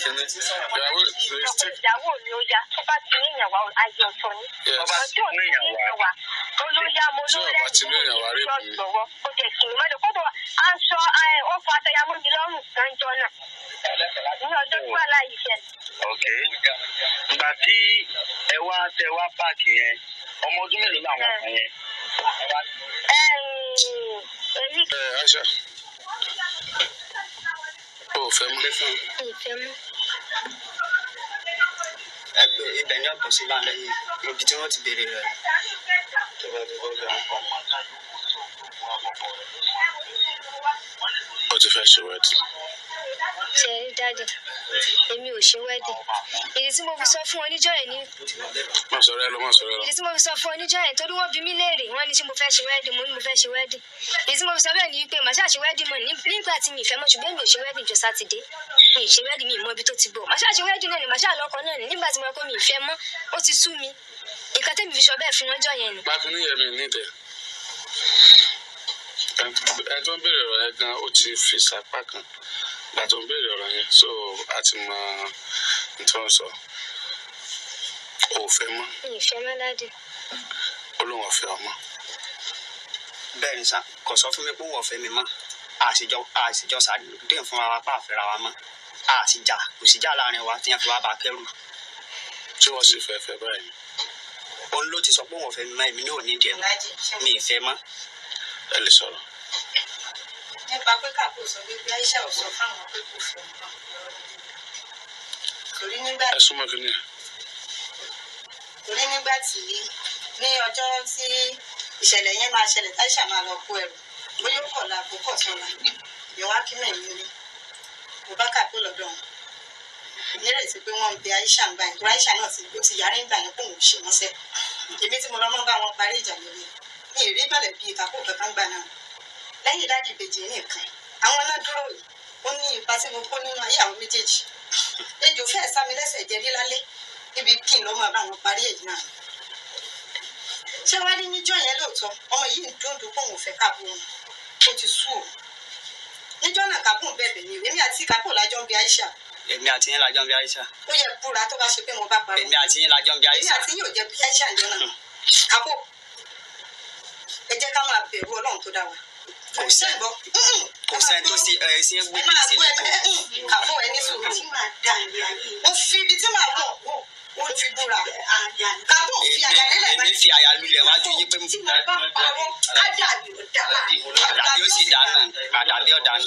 kínní. ìyàwó ìyàwó mi ò yá tó bá ti ní ìyàwó ayé ọ̀tọ̀ ni. ọjọ́ tí ò ní ìyàwó olóyà mo ló rẹ̀ ní ìjọ ìgbọ̀wọ́ ó jẹ́ kí n mọ́lẹ̀ kó tó aṣọ ó fọ àtẹyàmú mi lọ́rùn gánjọ́ náà ní ọjọ́ tó wà láyé jẹ. ok ìgbà tí ẹ wá tẹ wá páàkì yẹn ọmọ ọdún mélòó làwọn ọmọ yẹn. ẹ ẹ aṣa o fẹ́ mú. o fẹ́ mú. ẹgbẹ́ ibẹ̀ ní ọ̀pọ̀ sí lálẹ́yìn níbi tí wọ́n ti béèrè rẹ̀. tó bá ti bọ́ bẹ́ẹ̀ ń pọ̀ mọ́ ká ló kó sóògùn àbọ̀bọ̀ rẹ̀ lóṣù kọ́ ti fẹ́ ṣe wedding. ṣe é dáàdì èmi ò ṣe wedding èdè tí mo fi sọ fún oníjọ́ ẹ̀ ní. má sọ rẹ lọ má sọ rẹ lọ. èdè tí mo fi sọ fún oníjọ́ ẹ̀ torí wọ́n bi mí léèrè wọ́n ní tí mo fẹ́ ṣe wedding mo ní mo fẹ́ ṣe wedding èdè tí mo fi sọ bẹ́ẹ̀ ni wípé màá ṣàṣe wedding mọ̀ nígbà tí mi ìfẹ́ mọ̀ ṣùgbọ́n mi ò ṣe wedding jọ sátidé mi ì ṣe wedding mi ì mọ ibi tó ti bọ̀ màá ṣàṣe wedding náà ni màá ṣàlọ́kọ náà ni nígbà tí mo kọ́ mi ẹ tó ń béèrè ọ̀rọ̀ yẹn gan ó ti fi sapá kan gbà tó ń béèrè ọ̀rọ̀ yẹn so a ti mọ nítorí sọ ò fẹ́ mọ́. ìfẹ́ mọ́ dáadé. ó lóun ọ̀fẹ́ ọmọ. bẹ́ẹ̀ ni sà kò sọ fún mi pé òun ọ̀fẹ́ mi mọ́ àṣìjọ àṣìjọ sàdéhùn fún wa pa àfẹ́ra wa mọ́ àṣìjà kò sì já láàrin wa tí wọ́n fi wá bá kẹ́rù. tí wọ́n sì fẹ́ fẹ́ báyìí. òun ló ti sọ pé òun ọ̀fẹ́ mi mọ́ èmi náà ò ní ìdí ẹ̀ mi ìfẹ́ mọ́. ẹ lè sọ̀rọ̀ nípa pé kàkó sọ pé bí aisha ò sọ fáwọn pé kò fi ọmọ torí nígbà tí torí nígbà tí ní ọjọ́ tí ìṣẹ̀lẹ̀ yẹn máa ṣẹlẹ̀ táìsà máa lọ kó ẹrù bóyá ó kọ̀ọ̀la kó kọ̀ sọ́la ìwà kílẹ̀ mi ni mo bá kàkó lọ́dọ̀ wọn nírètí pé wọ́n bẹ aisha ń gbà yẹn tó aisha náà ti ó ti yára ń gbà yẹn kóun ṣe mọ́sẹ́ èmi tí mo lọ́ mọ́ bá wọn parí ìjà lórí mi ì rí bíi kàkó kankan gbà náà lẹ́yìn dáàdì ìbejì nìkan àwọn náà dúró yìí ó ní ipa tí mo kó nínú ayé àwọn méjèèjì ejò fẹ́ẹ̀ sá mi lẹ́sẹ̀ jẹ rí lálé ibi kí n ló máa bá wọn parí èyí náà ṣé wàá rí níjọ́ yẹn lóòótọ́ ọmọ yìí ń dúndùn kó òun fẹ́ kábù wọn ó ti sú òun níjọ́ náà kábù bẹ̀bẹ̀ ni èmi àti kábù lájọ ń bi Aisha. èmi àti yín lájọ ń bi Aisha. ó yẹ búra tó bá ṣe pé mo bá parọ́. èmi àti yín lájọ ń bi Aisha. èmi àti yín ò jẹ bí Aisha ìjọ náà kábù ẹ jẹ́ ká máa bẹ̀rù Ọlọ́run tó dá wa kò sí ẹ̀gbọ́n kò sẹ́ni tó sí ẹ̀ sí ẹ̀gbọ́n ìgbà sílẹ̀ kan. àbò ẹni sùúrù o fi ibi tí màá bọ̀ ó fi búra kábò fi àyà lélẹ̀ báyìí. èmi fi àyà lulẹ̀ wájú yín pé mo fi àyà lulẹ̀. ádà ni ó dà á. àdà yóò sì dáná àdà bí ó dáná.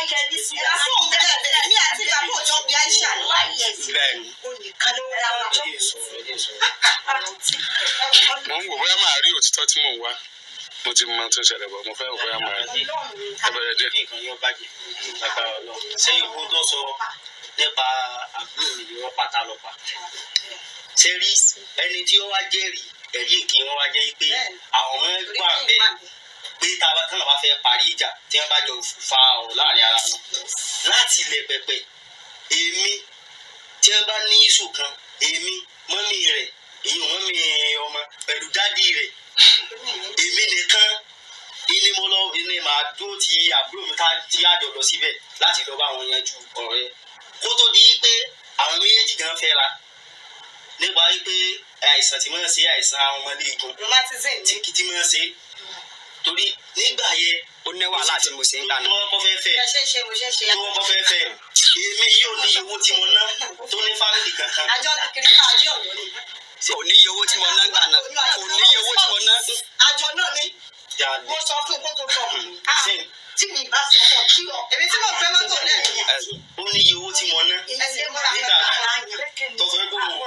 àdìyẹ ní sùúrù. ẹ̀rọ fún bẹ́ẹ̀ bẹ́ẹ̀ ní àti ìyàwó ọjọ́ bíi àìsà ló wà yẹ sí. bẹ́ẹ̀ni. olùkàlù ra wọn jọ. mo ń wò bóyá màá rí òtítọ́ tí mò ń wá mo ti mọ tó ṣẹlẹ̀ bọ̀ mo fẹ́ òfin àmọ́ ẹ bẹ̀rẹ̀ díẹ̀. ṣé ìwọ tó sọ nípa àbúrò ìwọ pátá lọ pa ṣé rí ẹni tí ó wá jẹ́rìí ẹ̀rí kí wọ́n wá jẹ́ pé àwọn ọmọ ẹgbẹ́ àbẹ́ pé tá a bá tán bá fẹ́ parí ìjà tí wọ́n bá jọ fa ọ̀rọ̀ láàrin ara wọn láti ilẹ̀ pẹ̀pẹ̀ èmi tí wọ́n bá ní iṣu kan èmi mọ́mí rẹ̀ ìyẹn mọ́mí eh, ọmọ pẹ̀lú dádì rẹ̀ èmi nìkan ilé mo lọ ilé màá dúró ti àbúrò mi ká tí àjọ lọ síbẹ̀ láti lọ bá àwọn yanjú ọ̀rọ̀ yẹn kó tó di pé àwọn méjèèjì gan fẹ́ ra nípa wípé àìsàn tí máa ń ṣe àìsàn àwọn ọmọdé igun tí máa ń ṣe torí nígbà yẹn ó ní wàhálà mo ṣe ń gbàna. wọ́n kọ́ fẹ́ fẹ́ wọ́n kọ́ fẹ́ fẹ́ èmi yóò ní owó tí mo ná tó ní fámìlì kankan. àjọ kiri ká àjọ ọ̀yọ́ ni. kò ní iye owó tí mo ná gbàna kò ní iye owó tí mo ná. àjọ náà ni mo sọ fún kó tó bọ̀ hmm. ah, tí mi bá sọ fún kí ọ. èmi tí mo fẹ́ lọ́tọ̀ lẹ́yìn. ó ní iye owó tí mo ná nígbà tó fẹ́ gbóhùn.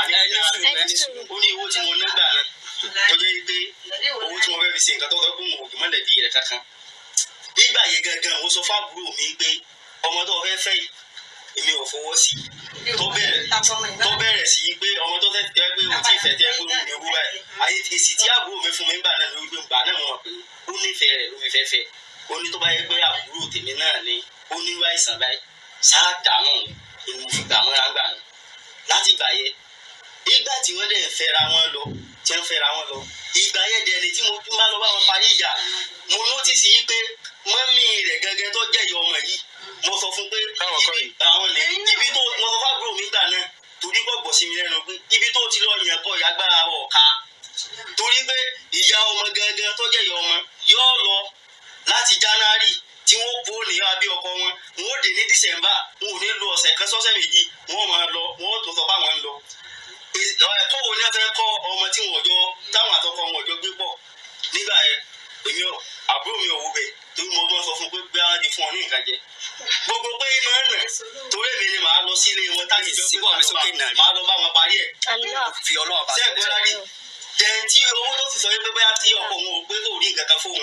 àní sùn ẹni sùn ó ní owó tí mo ná gbàna tó jẹ́ pé owó tí wọ́n fẹ́ fi ṣe nǹkan tó fẹ́ kún òògùn mọ́lẹ̀bí rẹ̀ kankan nígbà yẹn gangan mo sọ fáàbùrù mi pé ọmọ tó fẹ́ fẹ́ èmi ò fọwọ́ sí tó bẹ̀rẹ̀ sí pé ọmọ tó fẹ́ tẹ́ pé o ti fẹ́ tẹ́ pé o ní owó báyìí àyè èsì tí àbúrò mi fún mi gbà náà ló gbé gbà náà mọ̀ pé ó nífẹ̀ẹ́ rẹ̀ ló fi fẹ́ fẹ́ ó ní tó bá yẹ pé àbúrò tèmi náà ni ó ní wá ìsàn báyìí sáà dànù ìmùfìgbà mọ́ra gbà ní láti gbà yẹ ìgbà tí wọ́n dẹ̀ tí ń fẹ́ra wọn lọ ìgbà yẹn dẹ̀ ni tí mo tún bá lọ bá wọn parí ìjà mo nọ́tìsì yìí pé mọ́mí rẹ̀ gẹ́gẹ́ tó jẹ́ ìyá ọmọ yìí mo sọ fún pé àwọn ni ibi tó mo sọ fábùrù mi gbà náà torí gbọ̀gbọ̀ sí mi lẹ́nu pé ibi tó ti lọ yàn kọ́ ìyágbára ọ̀ka torí pé ìyá ọmọ gẹ́gẹ́ tó jẹ́ ìyá ọmọ yóò lọ láti January tí wọ́n kú ní abẹ́ ọkọ wọn wọ́n dé ní December wọn ò ní lo ọ̀sẹ̀ kan sọ́sẹ̀ méjì wọ́n máa lọ wọ́n tó sọ pé àwọn ń lọ ẹ̀kọ́ ni a fẹ́ kọ́ ọmọ tí wọ́n jọ táwọn àtọkọ wọn jọ gbé pọ̀ nígbà yẹn èmi àbúrò mi ò wo bẹ̀ torí mo mọ sọ fún pé bí a ti fún ọ ní nǹkan jẹ gbogbo pé máa ń rìn torí èmi ni màá lọ sí wọn táyì jọ pé màá lọ bá wọn parí ẹ̀ fi ọlọ́wọ́ bá sẹ́ẹ̀ gbọ́dá jẹ̀ǹtì owó tó sì sọ pé bóyá tí ọkọ̀ wọn ò gbé kò rí nǹkan kan fóun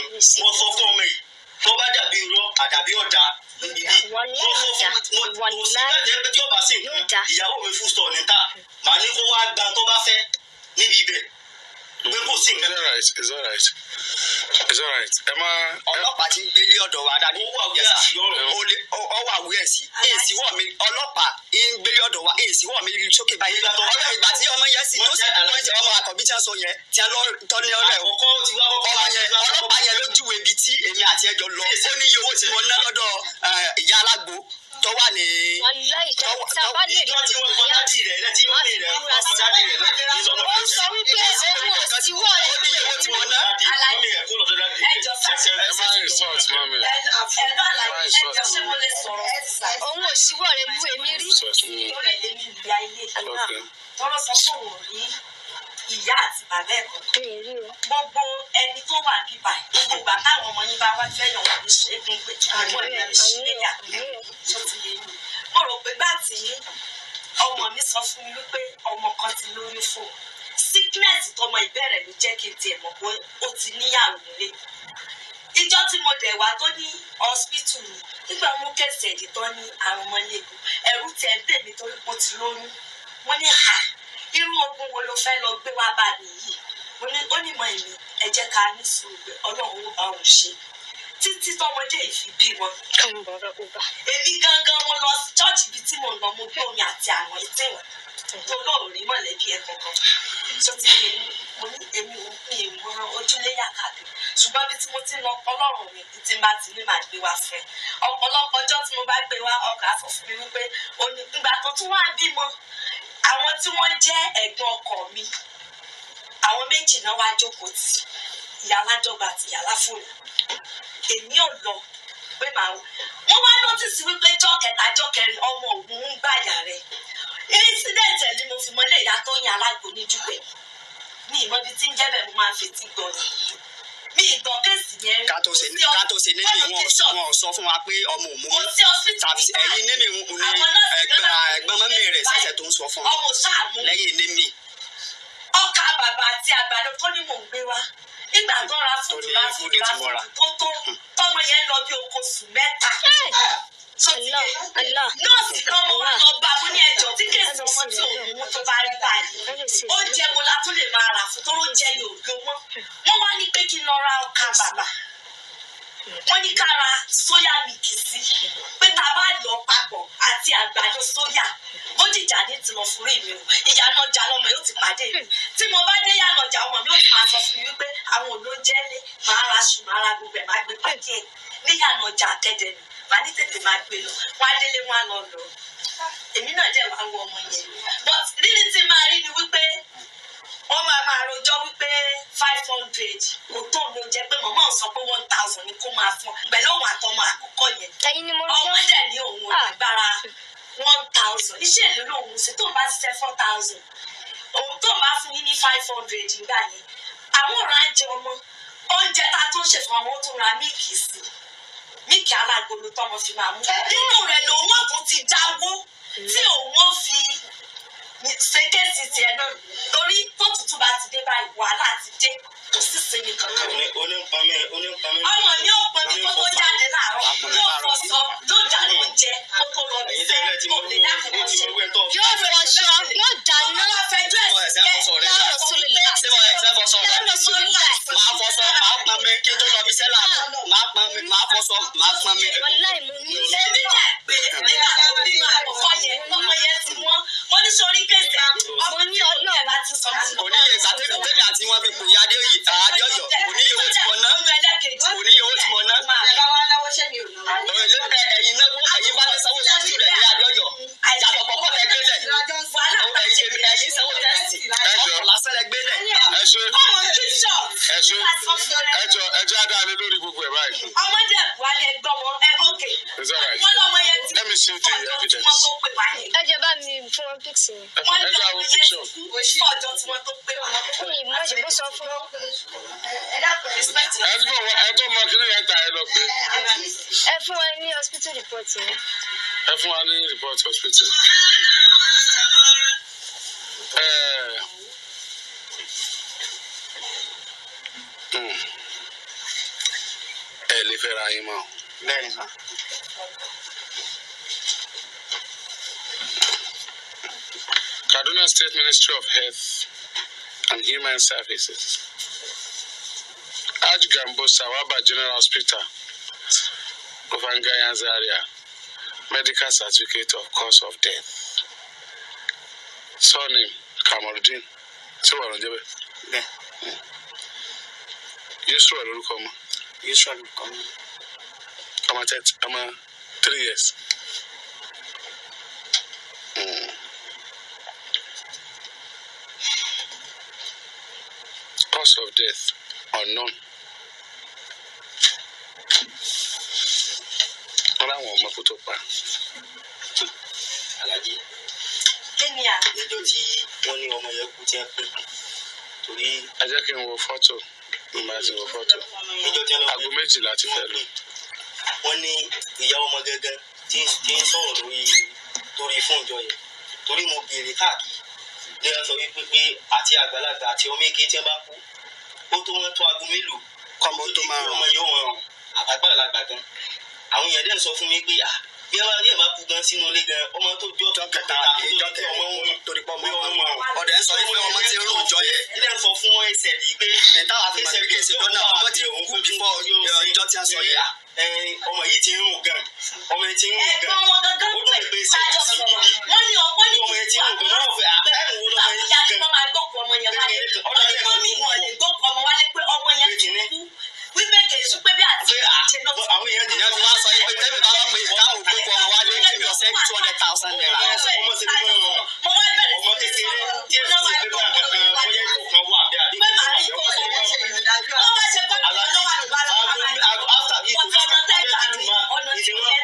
mo sọ fún ọmọ yìí tó bá dàbí irọ́ àdàbí ọ̀dà wàláyé yóò dá. ní ta màá ní kó níbi ibẹ̀ pé kò it's alright it's alright ẹ má. ọlọ́pàá ti gbé ní ọ̀dọ̀ wa dáadé ọwọ́ àwúrẹ́ sí èsì wọ̀ mi ọlọ́pàá ń gbé ní ọ̀dọ̀ wa èsì wọ̀ mi sókè báyìí ọlọ́ ìgbà tí ọmọ yẹn sì tó sì tó ń jẹ ọmọ àkọ́bí tí wọ́n sọ yẹn tí wọ́n tọ́ ní ọ̀rẹ́ o ọmọ yẹn ọlọ́pàá yẹn ló júwe ibi tí èmi àti ẹjọ́ lọ ó ní iye owó tí mo ná lọ́dọ̀ ìyá alágbo tó wà ní. ìjọba tí wọ́n gbọ́ dádì rẹ̀ lẹ́ wọ́n lè rẹ̀ gbọ́ dádì rẹ̀ lẹ́ ìjọba tó ń sọ wípé owó tí wọ́n lè ní owó tí wọ́n ná àlàyé ẹjọ́ sẹ́sẹ́ ẹ má rí sọ́ọ̀t mọ́mi ẹ má rí sọ́ọ̀t òun ò ṣíwọ́ rẹ̀ mú èmi rí ìyá àti bàbá ẹ̀kọ́ gbogbo ẹni tó wà bíbà gbogbo ìgbà táwọn ọmọ yín bá wá fẹ́yàn wọn ní ṣẹ́gun gbèjà wọn ní àṣeyà tó ti lè yìn mo rò pé gbà tí ọmọ mi sọ fún mi wípé ọmọ kan ti lóyún fún un sickness tọmọ ìbẹ̀rẹ̀ mi jẹ́ kí n tiẹ̀ mọ̀ pé ó ti níyàwó nílé ìjọ tí mo dẹ̀ wá tó ní hospital nígbà mú kẹsẹ̀ ìdìtọ́ ní àrùn mọ́lẹ́gùn ẹ̀rù tẹ̀ ń tèmi torí mo ti lóyún mo ní ha irú ogun wo ló fẹ́ lọ gbé wá bá mi yìí mo ní ó ní mọ èmi ẹ jẹ́ ká ní sùúrù pé ọlọ́run ó bá òun ṣe títí tọmọdé yìí fi bí wọn. èmi gangan mo lọ sí chọ́ọ̀chì ibi tí mo lọ mo gbé omi àti àwọn ètè wọn tó lóòrùn mọ̀lẹ́bí ẹ kankan tó ti lè mo ní èmi ò ní ìmọ̀ràn ojúléyà kàbí ṣùgbọ́n bí tí mo ti lọ ọlọ́run mi ní tí n bá ti ní màá gbé wá fẹ́ ọ̀pọ̀lọpọ̀ ọjọ́ tí mo bá gbé wá ọkọ̀ àfọ̀fún mi wípé ìgbà tó tún wá bímọ àwọn tí wọ́n jẹ́ ẹ̀gbọ́n ọkọ mi àwọn méjì náà wá jókòó tì ìyá aládọ́gba àti ìyá aláfòlù èmi ò lọ pé màá wọ́n wá nọ́tìsì wípé jọ́ kẹta jọ́ kẹrin ọmọ òun ń gbàyà rẹ̀ incident ẹ̀ ni mo fi mọ́lẹ̀ ìyá tó yan alágbóníjú bẹ̀ ní ìmọ̀bí tí ń jẹ́ bẹ̀ mo máa ń fetí gbọ́ ni mi ìgbọ́ kéèsì yẹn. ká tó ṣe ká tó ṣe níbi wọn wọn sọ fún wa pé ọmọ òmu mọ tàbí ẹyin níbi òun ni ẹ̀gbọ́n mọmí rẹ ṣẹ̀ṣẹ̀ tó ń sọ fún mi lẹ́yìn níbi. ọkà bàbà àti àgbàdo tó ní mò ń gbé wa nígbà tó ra fúdù ra fúdù tó tó tọmọ yẹn lọ bí oko mẹ́ta so nọ́ọ̀sì kan mo wá lọ bá mo ní ẹjọ́ tí kéèsì ọmọ tí òun mú tó bá rí báyìí oúnjẹ mo la tún lè máa rà fún tó oúnjẹ ni ò lówó wọ́n wá ní pé kí n lọ ọkà bàbà wọ́n ní ká ra sóyà mìkì sí pé tá a bá lọ papọ̀ àti àgbàdo sóyà ó dìjà ní tìmọ̀ fúnrí mi o ìyànà ọjà lọmọ yóò ti pàdé mi tí mo bá dé yànà ọjà ọmọ mi ó ti máa sọ fún mi wípé àwọn olóúnjẹ lé màá ra ṣùgbọ́n ara gbogbo ẹ̀ máa gbé pàdé ní yànà ọjà àtẹ̀dẹ̀ but rírì tí máa rí ni wípé wọ́n máa máa rojọ́ five hundred kò tó ló jẹ́ pé mọ̀mọ́ sọ pé one thousand ni kó máa fún pẹ̀lú òun àtọmọ àkọ́kọ́ yẹn ọmọ dẹ̀ ní òun ò ah. gbára one thousand iṣẹ́ èlò lòun ṣe tó bá ṣiṣẹ́ four thousand òun tó bá fún five hundred nígbà yẹn àwọn ọ̀rọ̀ ajé ọmọ oúnjẹ tá a tó ń ṣe fún àwọn tó ra mílìkì sí i mílìkì alágolo tọmọ fi máa mú. inú rẹ̀ lòun ọ̀gùn ti dáwó tí òun ó fi ṣèkèsì tiẹ̀ náà torí tótùtù bá ti dé báyìí wàhálà ti dé kò sì sinmi kankan ọmọ mi ò mi kó jáde láàárọ̀ yóò fọṣọ yóò dáná oúnjẹ kó lọ bí sẹ kó lè dákúrò ṣe yóò fọṣọ yóò dáná fẹjọ́ ẹsẹ lọrọ sólè lọrọ sólè láìsí. máa fọṣọ máa pa mi kí n tó lọ bí sẹ máa pa mi máa fọṣọ máa pa mi. èmi dẹ̀ pé nígbà tó bí àkọ́kọ́ yẹn tọmọ yẹn ti wọ́n mo ní sori tẹsẹ̀ ọmọ ní ná. ẹjọ ẹjọ ẹjọ adáni lórí gbogbo ẹ báyìí. ọmọ jẹ buhari ẹgbọn wọn ẹ ókè. it's let me see the bá mi fún wọn píksì. wọn lọ àwọn píksọ. tí wọn tó pé wọn. mi bó sọ fún wọn. ẹ dákun respect. ẹ tó wọ ẹ tó mọ kíní yẹn ta ẹ lọ pé. ẹ fún wa ní hospital report ẹ fún wa ní report hospital. ẹ. fẹ́ yín mọ́. bẹ́ẹ̀ ni Kaduna State Ministry of Health and Human Services Aj Gambo Sawaba General Hospital of Angayan Zaria medical certificate of cause of death surname Kamaldeen ṣé wàá lọ jẹ bẹ́ẹ̀ yusuf lórúkọ ọmọ. Israel ọmọ ọmọ thirty ọmọ three years. Hmm. Cause of death unknown. Wọ́n láwọn ọmọ kó tó pa. Àlàyé kí ni àgbéjọ tí wọ́n ní ọmọ yẹn kú jẹ́ pé torí. Ẹ jẹ́ kí n wo fọ́tò ló máa ti wọ fọ́tò aago méjìlá ti fẹ́ lọ. wọ́n ní ìyá ọmọ gẹ́gẹ́ tí ń sọ̀rọ̀ lórí torí fún ìjọ yẹn torí mo béèrè káàkiri ní wọ́n sọ wípé pé àti àgbàlagbà àti ọmọ èké tí wọ́n bá kú ó tó wọ́n tó aago mélòó kọ́mọ tó máa rán ọmọ yóò rán àbágbàlagbà gan àwọn èèyàn dẹ́n sọ fún mi pé ah bí ẹ bá rí ẹ bá kú gan sínú ilé gan ọmọ tó jọ tó kẹta ìjọ tẹ ọmọ wọn torí pọ ọmọ wọn ọdẹ ń sọ yìí pé ọmọ ti rú ìjọ yẹ. ilé ń sọ fún ẹsẹ yìí pé ẹta àfẹsẹ kí ẹsẹ lọnà ọmọ ti rú fún kí wọn ìjọ ti sọ yẹ. ọmọ yìí ti rún gan ọmọ yìí ti rún gan ó dùn pé ṣe ti sì gidi wọn ni ọmọ yìí ti rún gan wọn fẹ àbẹ̀wò lọmọ yìí gan. ọmọ yẹn wálé pé ọmọ yẹn kú wípé kì í sún pé bí àti àti náà. àwọn èèyàn jìyà ti wá sọ pé tẹ́mi bá wà pé táwọn òkú kan wá ní kí wọ́n send two hundred thousand naira. ọmọ ti dúró o mo wá bẹ̀rẹ̀ sí ní sọ̀rọ̀ díẹ̀ sí pé bá a kankan bóyá ìlú kan wà bí àdúgbò kan wà bí wọ́n bá ṣe gbọ́dọ̀ lọ́wọ́ àdúgbò àdúgbò àfter yìí ti fi ọ̀nà tẹ́ta ọ̀nà tí ó yẹ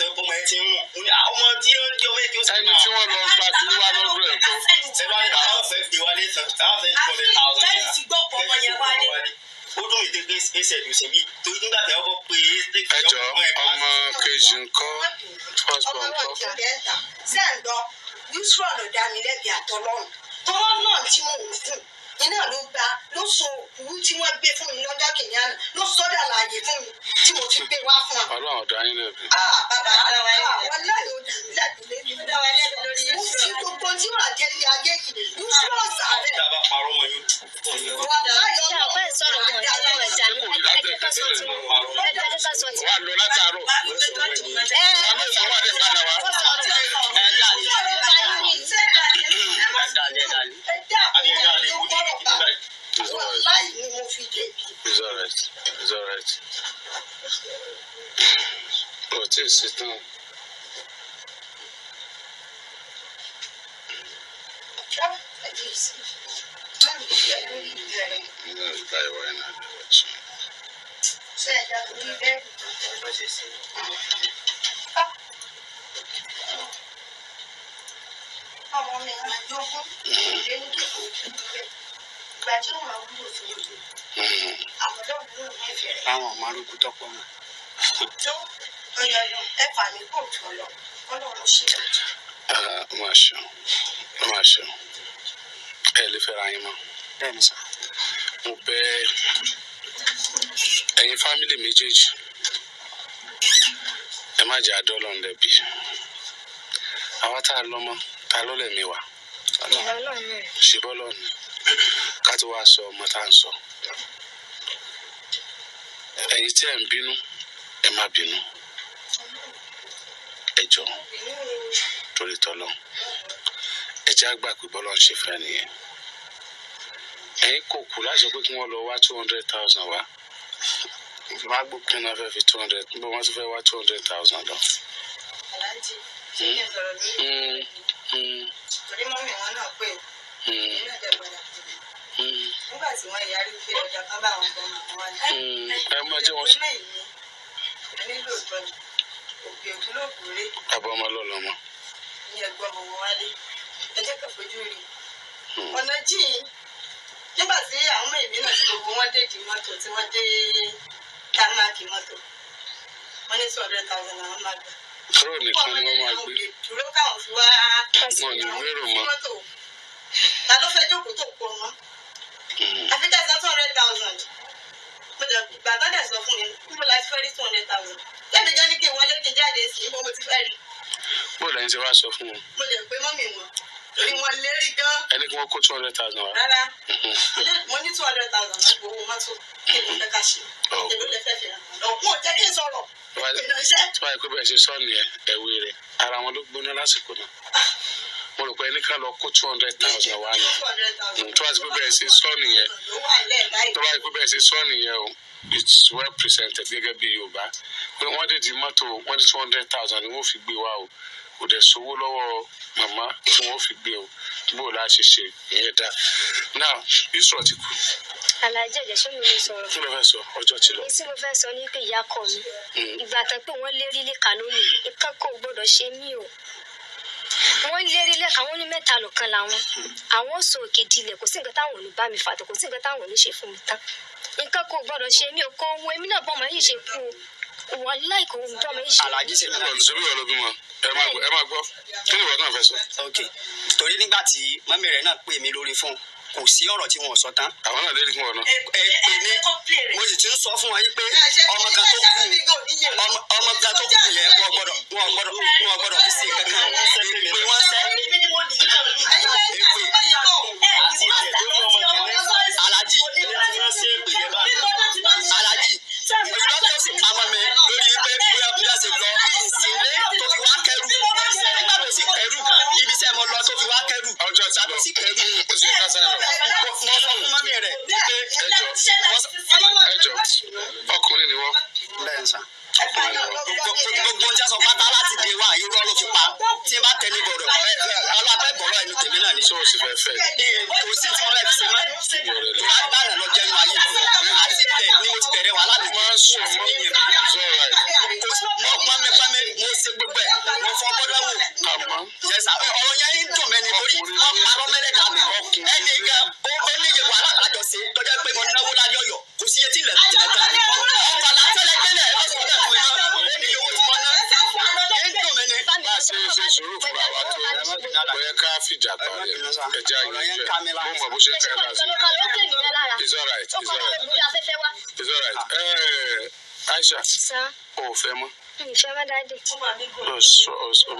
sọ pé ọmọ ẹ ti ń mú ah, ọmọ tí ó ń di ọmọ kí ó sì máa. ẹni tí wọ́n lọ gba ti wá lọ́dún ẹ̀kọ́. ẹ bá ní àwọn fẹ́ fi wálé àwọn fẹ́ fi wọlé àwọn fẹ́ fi wálé ó dún ìdègbè ẹsẹ̀ ìdùnsẹ̀ bíi torí nígbà tí ọkọ̀ pé ẹsẹ̀ ìjọ ọmọ kejì ń kọ́ ọmọ náà ti ọ̀dẹ́ ẹ̀ta sẹ́ńdọ̀ yusuf ọ̀nà iná ló gba ló so owó tí wọ́n gbé fún mi lọ́jọ́ kìíní àná ló sọ́dà láàyè fún mi tí mo ti gbé wá fún wa. Ọlọ́run ọ̀dọ́ ayé lẹ́bi. bàbá àwa láyò lẹ́bi mo fi gbogbo tí wà jẹ́ ní ayé yìí mo fi ọ̀sà rẹ̀. dábà parọ́ mọ́ yín. wà láyò ọ̀nà ọ̀pẹ sọ̀rọ̀ mi ọ̀dọ́ ọ̀rọ̀ ìjà mi ẹ̀jẹ̀ ká sọ ti lọ is alright. But yes, sit down. Àwọn ọmọ ìrìnàjò ọgbọ́n ìrìnàjò I tí wọ́n máa ń lò fún ìlú. àwọn ọmọ arúgbó tọpọ mọ. tó ń yọ yọ ẹ fà mí kó jù ọ lọ Ọlọ́run ṣe dájú. máa ṣeun máa ṣeun ẹ lè fẹ́ra yín mọ́. bẹ́ẹ̀ni sá. mo bẹ ẹ̀yin fámìlì méjèèjì ẹ má jẹ́ àdó Ọlọ́run lẹ́bi àwa tá a lọ́mọ ta ló lẹ̀mí wa. ìyá Ọlọ́run náà ká tó wá sọ ọmọ tá à ń sọ ẹ̀yin tí ẹ ń bínú ẹ má bínú ẹ jọ torí tọlọ ẹ jẹ́ àgbà pé bọlọ ń ṣe fẹ́ nìyẹn ẹ̀yin two hundred thousand wá máa gbọ́ pé náà fẹ́ẹ́ fi two hundred níbo wọ́n ti fẹ́ẹ́ wá two hundred thousand lọ. Hmm? Hmm? Hmm? torí mọ́mí wọn nígbà hmm, tí wọ́n yarí pé ọjà kan bá wọn gan àwọn àti ẹgbẹ́ ìlú ẹni lóòótọ́ ni òkè òkú ló gòrè. àbá ọmọ lọ́la ọmọ. ìyẹn ẹ̀gbọ́n ọmọ wálé ẹ jẹ́ kó fojú rí ọ̀nà jìn nígbà tí àwọn èmi náà ti gbogbo wọn dé di mọ́tò tí wọ́n dé támákì mọ́tò wọ́n ní two hundred thousand àwọn máa gbà. dúró nìkan ni wọ́n máa gbé. dúró káwọn fi wá. wọn ò ní wérò mọ́. ta ló fẹ́ jókòó tó pọ̀ mọ́ àfi ká san two hundred thousand But the bàbá dẹ̀ sọ fún mi mo láti fẹ́ rí two hundred thousand Let me ní kí n wọlé kí n jáde sí i mo ti fẹ́ rí. bó o lẹ́yìn tí wàá sọ fún wọn. mo jẹ pé mọ́mì wọn torí wọn lérí gan. ẹni kí wọ́n kó two hundred thousand wa. rárá mo ní two hundred thousand láti owó mọ́tò kí n fẹ́ ká ṣe èmi oh. lè fẹ́ fi hàn ọ̀gbọ́n jẹ́ kí n sọ̀rọ̀ ìnáṣẹ́. tí wàá yẹ kó bẹ́ẹ̀ ṣe sọ́ọ̀nì ẹ̀wé rẹ̀ ara wọn ló gbóná lásìkò náà. Ah rò pé ẹni ká lọ kó two hundred thousand wá ni hmm, tó bá ti pé bẹ́ẹ̀ ṣe sọ nìyẹn tó bá ti pé bẹ́ẹ̀ ṣe sọ nìyẹn o it's well presented gẹ́gẹ́ bí Yorùbá pé wọ́n dé di mọ́tò wọ́n dé two hundred thousand ni wọ́n fi gbé wa o kò dẹ̀ sówó lọ́wọ́ màmá tí wọ́n fi gbé o bó o láti ṣe ìyẹn dá now israel ti kú. alájẹ ìjẹsẹ mi ló kí ló fẹ́ sọ ọjọ́ ti lọ. tí mo fẹ́ sọ ni pé ìyá kọ mi hmm. ìgbà tán pé wọ́n lérí lè kà lónìí ìkẹ́kọ̀ọ́ gbọ́dọ̀ ṣe mí o wọ́n lérí lẹ́ka wọ́n ní mẹ́ta lọ́kan làwọn àwọn sọ òkè dilẹ̀ kò sí nǹkan táwọn ò ní bá mi fàtọ̀ kò sí nǹkan táwọn ò ní ṣe fún mi tán nǹkan kò gbọdọ̀ ṣe mí o kò wo èmi náà bọ́mọ yìí ṣe kú o wọ́n láì kò wọ́n bọ́mọ yìí ṣe kú. alájí ṣe bímọ ṣòbí ọ̀rọ̀ bímọ ẹ má gbọ́ kí ni ìwọ náà fẹ́ sọ. torí nígbà tí mọ́mí rẹ̀ náà pè mí lórí fóònù kò sí ọ̀rọ̀ tí wọn sọ tán. àwọn náà lórí fún ọ ẹ pè mí mo sì ti ń sọ fún wa yìí pé ọmọ kan tó kù ọmọ kan tó kù yẹn wọn gbọ́dọ̀ wọn gbọ́dọ̀ wọn gbọ́dọ̀ fi sí kankan ìpè wọn sẹ. alaji alaji ìgbà tó àmọ́ mi lórí pé bóyá bóyá ṣe lọ. tó fi wá kẹrù ọjọ́ sábà kẹrù oṣù kásán náà kó fún ọkọ fún mọ́mí rẹ̀ wípé ẹjọ́ ẹjọ́ ọkùnrin ni wọ́n. bẹ́ẹ̀ sà gbogbo ọjà sọ pátá láti dé wá irọ́ ló fi pa tí n bá tẹ̀lé bọ̀rọ̀ ọlọ́pẹ́ bọ̀rọ̀ ẹni tèmi náà ní. sọ́wọ́sì fẹ́ fẹ́. kò sí tí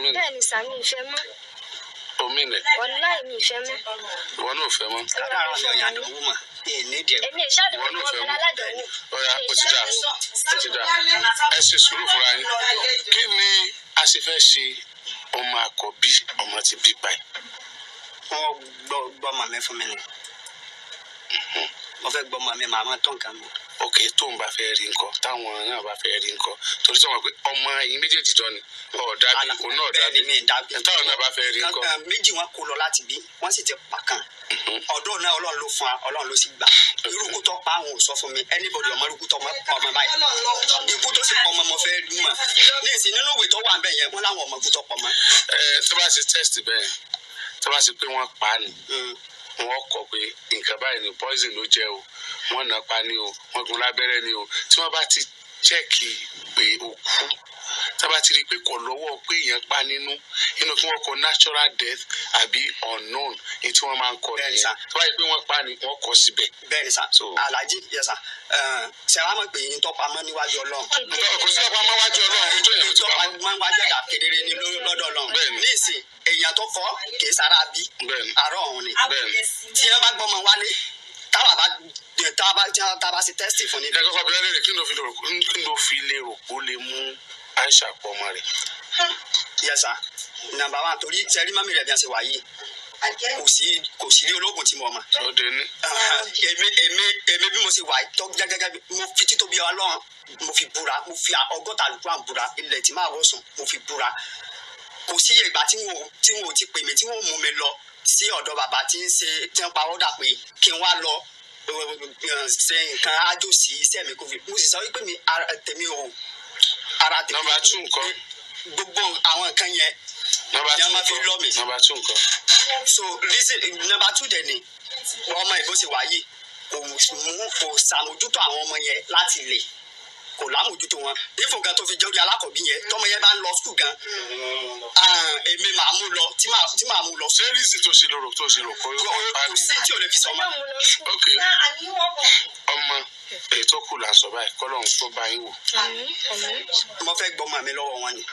bẹ́ẹ̀ ni sàmì ìfẹ́ omi nẹ. wàláì mi fẹ́ mọ́. ìwọ náà fẹ́ mọ́. ọlọ́run ni ọ̀yà àdánwò mà. èmi ìṣáàdì mi kò fẹ́ aládánwò. ọ̀yà ó ti dà ó ti dà ẹ ṣe sùúrù fúnra yín. kí ni a ṣe fẹ́ ṣe ọmọ àkọ́bí ọmọ ti bí báyìí. wọ́n gbọ́ gbọ́ màmí fún mi ni. wọ́n fẹ́ gbọ́ màmí màmá tó nǹkan mọ́ òkè tóun bá fẹ́ rí nǹkan táwọn náà bá fẹ́ rí nǹkan torí sọ wọn pé ọmọ ẹ̀yin méjèèjì tán ni ọ̀dàbí òun náà dàbí táwọn náà bá fẹ́ rí nǹkan. Eh, méjì wọn kò lọ láti bí wọn sì ti pa kan mm-hmm. ọdún náà ọlọ́run ló fún wa ọlọ́run ló sì gbà irúkútọ́ pa àwọn òsọ fún mi anybody ọmọ irúkútọ́ ọmọ báyìí ikú tó sì pọ̀ ọmọ ọmọ fẹ́ dùn mà ní èsì nínú ìwé tó wà bẹ́ẹ̀ yẹn wọ́n láwọn ọmọ ikú tó pọ̀ mọ́. ẹ eh, tó bá ṣe test bẹ́ẹ̀ tó bá ṣe pé wọ́n pa á nì pé wọ́n kọ̀ pé nǹkan báyìí ni poison ló jẹ́ o wọ́n nà pa ni o wọ́n gun lábẹ́rẹ́ ni o tí wọ́n bá ti chẹ́ẹ̀kì pé ó kú tábà ti rí i pé kò lọ́wọ́ pé èèyàn pa nínú inú kí wọ́n kọ natural death àbí unknown èyí tí wọ́n máa ń kọ nìyẹn tábà rí i pé wọ́n pa ni wọ́n kọ síbẹ̀. bẹ́ẹ̀ni sà alhaji yẹ sà sẹwọn àmọ́ pé yìí tọpa mọ níwájú Ọlọ́run. kò sí ọpa mọ wájú Ọlọ́run níjọ yẹn tó bá mọ wájú ẹ̀dá kedere ni lọ́dọ̀ Ọlọ́run. ní ìsìn èèyàn tó kọ kì í sára bí àárọ̀ ọ̀hún ni tí wọ́n bá gbọ́mọ wálé táwa bá táwa bá táwa bá ṣe tẹ́sítì fún ni. ẹ kọ́kọ́ bí wọ́n lè rè kí ló fi lè rò kó lè mú aisha kọ ọmọ rẹ̀. yẹsà nàmbà wa torí sẹ́rí mọ́mí rẹ̀ bí wọ́n ṣe wà yìí kò sí kò sí ilé ológun tí mo mọ. lóde ní. èmi èmi èmi bí mo ṣe wà tọ́ gẹ́gẹ́ mo fi títóbi ọlọ́run mo fi búra mo fi ọgọ́ta àlùkò àbúra ilẹ̀ tí máa wọ̀ sùn mo fi búra kò sí iye ìgbà tí wọn ò tí wọn ò ti pè mí tí wọn ò mú mi lọ sí ọ̀dọ̀ bàbá tí ń ṣe tí ń pa ọ́dà pé kí n wá lọ eh, ṣe nǹkan ájò sí iṣẹ́ mi kò fi mo sì sọ wípé mi tèmi ò ara tèmi. nọ́mbà tú nǹkan. gbogbo àwọn nǹkan yẹn. nọ́mbà tú nǹkan yẹn fi lọ mi. nọ́mbà tú nǹkan. so reason nọ́mbà tú dẹ̀ ni ọmọ ìbò ṣe wáyé kò mú kò sàmójútó àwọn ọmọ yẹn láti lè kò lámòjútó wọn ìfún gan tó fi jẹ́rí alákọ̀bí yẹn tọ́mọ yẹn bá ń lọ skul gan mm. ah, èmi màá mú lọ tí màá mú lọ. sẹ́ríìsì tó ṣe lòrò tó ṣe lò kó yóò bá mi. kò tí o lè fi sọ ma. ok ọmọ ètò kù là ń sọ báyìí kọ́ lóun tó bá yín wò. mo fẹ́ gbọ́ màmí lọ́wọ́ wọn ni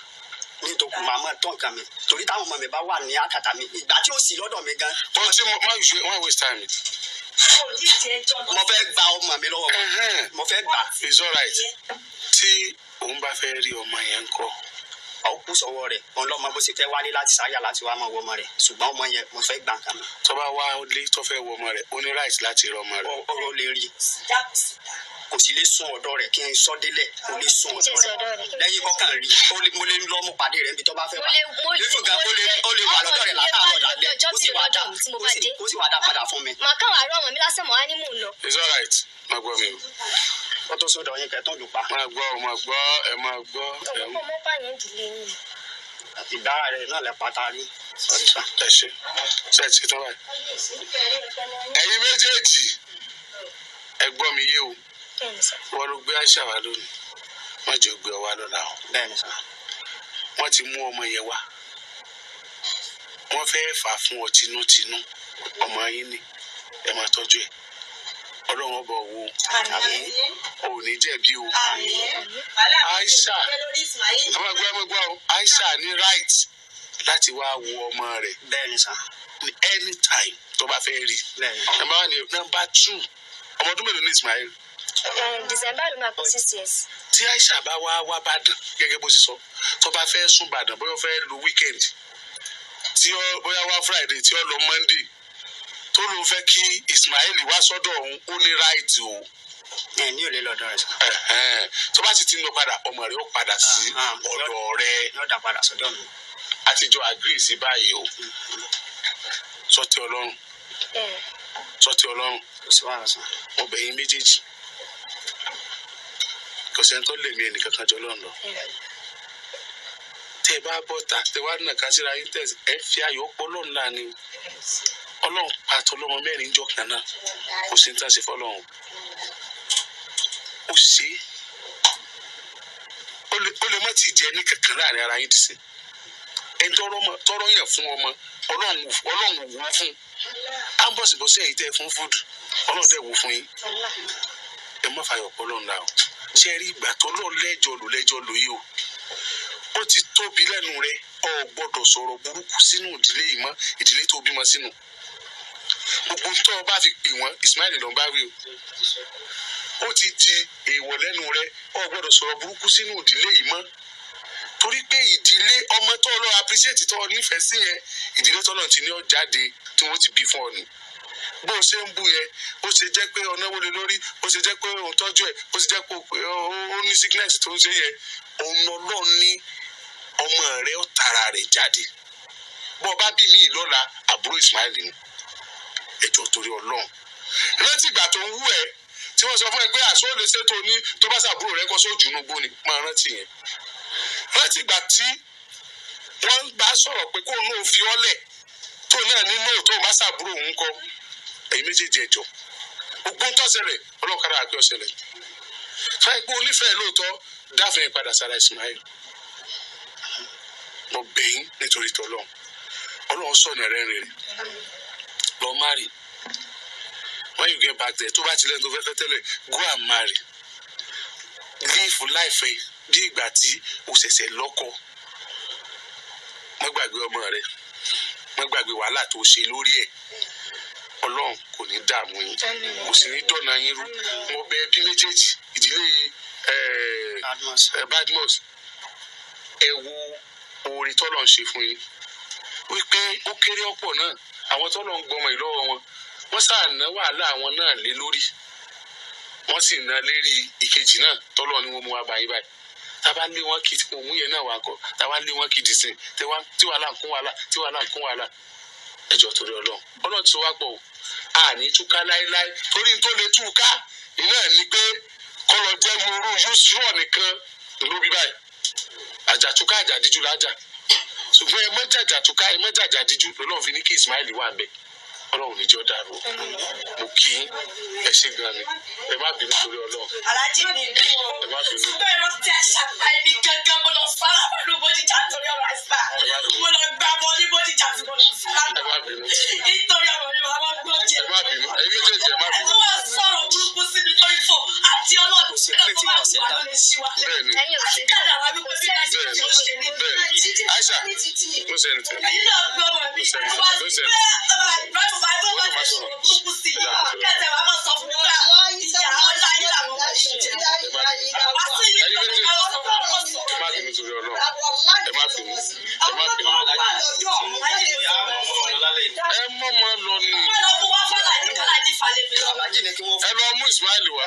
nítorí màá mọ tán kan mi torí táwọn ọmọ mi bá wà ní àkàtà mi ìgbà tí ó sì lọ́dọ̀ mi gan. bọ́n máa ń ṣe one waste time mo fẹ́ gba ọmọ mi lọ́wọ́ mo fẹ́ gbà. it's alright tí òun bá fẹ́ rí ọmọ yẹn ń kọ́ ọkú sọ́wọ́ rẹ̀ òun lọmọ bó ṣe fẹ́ wálé láti sáyà láti wá máa wọ ọmọ rẹ̀ ṣùgbọ́n ọmọ yẹn mo fẹ́ gbà nǹkan mi. tó bá lé tó fẹ́ wọ ọmọ rẹ̀ ó ní right láti rọ ọmọ rẹ̀. ọ̀rọ̀ lè rí kò sì lè sọ ọ̀dọ̀ rẹ̀ kí n sọ délẹ̀ kò lè sọ ọ̀dọ̀ rẹ̀ lẹ́yìn kọ́kàn rí mo lè lọ mú pàdé rẹ̀ níbi tó bá fẹ́ wà lẹ́fù gan ó lè ó lè wà lọ́dọ̀ rẹ̀ látàárọ̀ lálẹ́ ó sì wà dá ó sì wà dá padà fún mi. màá káwọn àárọ̀ ọmọ mi lásán mọ́ á ní mò ń lọ. it's alright má gbọ́ mi o. ó tó sódò yín kẹ́ tó lù pa. má gbọ́ má gbọ́ ẹ má gbọ́. ẹ ṣe ṣe ti tán báyìí. ẹ̀yin méjèèjì wọ́n ló gbé àṣà wa lónìí wọ́n jẹ́ gbé ọ wá lọ́la o wọ́n ti mú ọmọ yẹn wá wọ́n fẹ́ẹ́ fà fún ọ tinútinú ọmọ yín ni ẹ máa tọ́jú ẹ̀ ọlọ́run ọba wo ò ní jẹ̀bi o aisha amagbẹ́mọgbà o aisha ní right láti wá wo ọmọ rẹ̀ ní anytime tó bá fẹ́ rí nọ́mbà one nọ́mbà two ọmọ ọdún mélòó ní Ismail. Eh, December ló máa six years. tí Aisha bá wá wá bàdàn gẹ́gẹ́ bó ṣe sọ tó bá fẹ́ sùn bàdàn bóyá fẹ́ lu weekend tí ó bóyá wá Friday tí ó lọ Monday tó ló fẹ́ kí Ismail wá sọ́dọ̀ òun ó ní right o. ẹni ò lè lọ ọ̀dọ̀ rẹ̀ tó bá sì ti ń lọ padà ọmọ rẹ̀ ó padà sí ah, ah, ọ̀dọ̀ rẹ̀. yóò agree sí báyìí o mm, mm. sọ ti Ọlọ́run eh. sọ ti Ọlọ́run mo bẹ̀ méjèèjì kò sẹ́ni tó lè mi ẹnìkan kan jọ lọ́nà tẹ bá bọ̀ tà tẹ wá nà ká síra yín tẹ̀sí ẹ fi ayò ọpọlọ́run náà ni ọlọ́run pàtó lọ́mọ mẹ́rin jọ kan náà kò sí ní tàn fọlọ́run ó ṣe é ó lè má ti jẹ ní kankan láàrin ara yín dìsín ẹni tọrọ yàn fún ọmọ ọlọ́run wò fún á ń bọ̀sibọ̀sí ẹ̀yìn tẹ́ fún fúdù ọlọ́run tẹ́ wò fún yín ẹ má fàyọ̀ ọpọlọ́run náà ṣe rí ìgbà tó lọ lẹ́jọ́ lò lẹ́jọ́ lò yìí o wọ́n ti tóbi lẹ́nu rẹ ọ gbọ́dọ̀ sọ̀rọ̀ burúkú sínú ìdílé yìí mọ́ ìdílé tó bímọ sínú gbogbo tó o bá fi pè wọ́n Ismail ló ń bá wí o ó ti di èèwọ̀ lẹ́nu rẹ ọ gbọ́dọ̀ sọ̀rọ̀ burúkú sínú ìdílé yìí torí pé ìdílé ọmọ tó lọ appreciate tó nífẹ̀ẹ́ sí yẹn ìdílé tó náà ti ní ọ jáde tí wọ́n ti bí fún ọ ni bó o ṣe ń bu yẹn bó ṣe jẹ́ pé ọ̀nàwó lè lórí bó ṣe jẹ́ pé òun tọ́jú ẹ̀ bó ṣe jẹ́ pé ó ní sickness tó ń ṣe yẹn òun ọlọ́run ní ọmọ rẹ ó tara rẹ̀ jáde bó o bá bí mi ìlọ́la àbúrò Ismail ni ẹjọ́ torí ọlọ́run rántí ìgbà tó ń wú ẹ tí wọ́n sọ fún ẹ pé àṣọ lè ṣètò ní tó bá ṣàbúrò rẹ kọ́ sójú nugbó ni máa rántí yẹn rántí ìgbà tí wọ́n bá sọ̀rọ̀ pé kó náà fi ọ́lẹ̀ tó náà nínú òótọ́ bá ṣàbúrò òun kọ́ ẹ̀yin méjèèjì ẹ̀jọ̀ ogun tó ṣẹlẹ̀ ọlọ́kadà àgbẹ ọ̀ṣẹlẹ̀ káyipẹ́ onífẹ̀ẹ́ lóòótọ́ dáfẹ́ padà sára Ismail mo bẹ̀yìn nítorí tọ́lọ́ ọlọ́run sọ̀nà rẹ̀ rìn rẹ̀ lọ́ọ́ má rìn when you get back there tó bá ti lẹ́nu tó fẹ́ fẹ́ tẹ́lẹ̀ go and marry live life ẹ bí ìgbà tí o ṣẹ̀ṣẹ̀ lọ́kọ má gbàgbé ọmọ rẹ má gbàgbé wàhálà tó ṣe lórí ẹ̀ ọlọ́run kò ní dààmú yín kò sì ní dọ̀nà yín rú mo bẹ̀ ẹbí méjèèjì ìdílé eh, eh, Badmus ẹ wo oore tọ́lọ̀ ń ṣe fún yín wípé ó kéré ọ̀pọ̀ náà àwọn tọ́lọ̀ ń gbọmọ ìlọ́wọ́ wọn wọ́n sáà ná wàhálà àwọn náà lé lórí wọ́n sì ná lérí ìkejì náà tọ́lọ̀ ni wọ́n mú wa bá báyìí tába lé wọn kí òun náà wà kọ́ tába lé wọn kí dìsìn tí wàhálà ń kún wàhálà tí wàhálà ń kún wàhálà ẹjọ́ torí ọlọ́run ọlọ́run ti sọ wá pọ̀ a ní túká láéláé torí tó lè túká iná ní pé kọ́lọ̀ jẹ́ irú yusuf nìkan ìlú bíbá yìí àjàtúká àjàdíjú lájà ṣùgbọ́n ẹ mọ́jàjà túká ẹ mọ́jàjà díjú lọ́lọ́run fi ní kí Ismail wà bẹ́ẹ̀ ọlọ́run níjọ́ dàrú mo kí ẹ ṣe gan mi ẹ má bínú torí ọlọ́run. alájí mi bí o ẹ má bínú. bẹ́ẹ̀ ló ti àṣàkà ibi gangan mo lọ fara pẹ̀lú bójìjà nítorí ọ̀rọ̀ àìsàn mo lọ gbà bọ́ ní bójìjà tí mo lọ fara pẹ̀lú nítorí ọ̀rọ̀ yìí wàá wá gbọ́ jẹ. ẹ má bínú ẹ méjèèjì ẹ má bínú. ẹ tó wà sọ̀rọ̀ burúkú sí fò àti ọlọ́run ẹ̀kọ́ máa wù wá lọ́dún sí wa lẹ́yìn kádà wà wípé bí wàá ti tó ṣe ní títí ní títí ẹ̀yin náà gbọ́ wà mí wá sí pé ìbámu bá gbọ́ wọ́n ti kúkú sí i kẹsẹ̀ wàá mọ̀ sọ fún mi pé ìyá ọ̀la làwọn wọ́n ṣe jẹ́ wá sí ilé ìgbàlódé àwọn ọ̀sán wọn sọ. ẹ má bínú torí ọlọ́run ẹ má bínú ẹ má bínú. àwọn ọmọ ọjọ́ ẹ mọ̀ mọ́ lọ nù. ẹ lọ mú Ismail wá.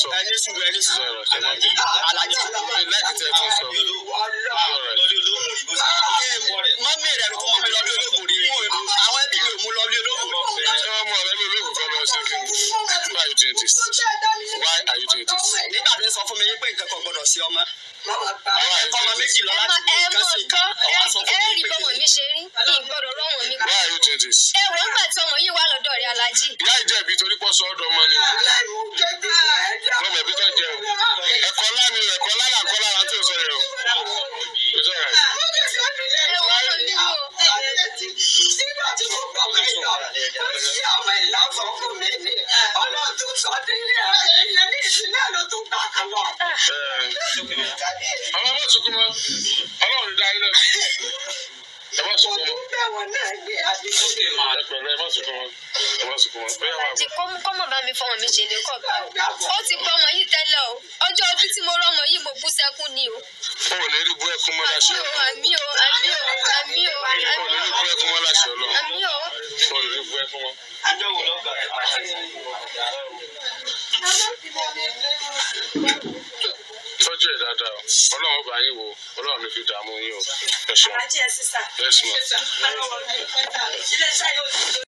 sọ. ẹni sùn ẹni sùn ọ̀rọ̀ ṣe máa láti tẹ tún sọ. lọ́dí olóògùn òyìnbó sí. wọ́n bẹ̀rẹ̀ ẹ̀rù kó mi lọ́dí olóògùn rí. àwọn ẹbí mi ò mú lọ́dí olóògùn. ṣé wọ́n mú ọ̀rẹ́ mi olóògùn kọ́ lọ́wọ́ sí fún why are you doing this? why are you doing this? nígbà tó sọ fún mi pé nǹkan kan gbọdọ̀ sí ọmọ ọmọ méjì lọ láti bí nǹkan sí nǹkan ọmọ sọ fún ẹ rí bọ́mọ̀ mi ṣe rí nǹkan rọrọ́ mi. why are you doing this? ẹ wọ́n gbà tí ọmọ yìí wà ọ̀rẹ́ alájì. ìyá ìjẹ̀bi torí pọ̀ sọ́ọ́dọ̀ ọmọ ni. ọmọ ẹ̀bí tó jẹun ẹ̀kọ́ ṣojú bẹ́ẹ̀ wọn náà lè àbí. àti kọ́mọ bá mi fọmọ mi ṣe lè kọ́ bá ó ti pọ́ ọmọ yìí tẹ́lẹ̀ o ọjọ́ bí tí mo rọ́mọ yìí mo bú sẹ́kún ni o. o ò lè rí bú ẹkún mọ́ láṣẹ. àmì o àmì o àmì o àmì o. o ò lè rí bú ẹkún mọ́ láṣẹ ọlọ́run. àmì o. o ò lè rí bú ẹkún mọ́. ọjọ́ wo lọ́gbà ẹ̀ pàṣẹ ojú ẹ̀ dáadáa ọlọ́run ọba yín wo ọlọ́run ní fi dààmú yín o ẹ ṣeun. àti ẹ sísà. bẹ́ẹ̀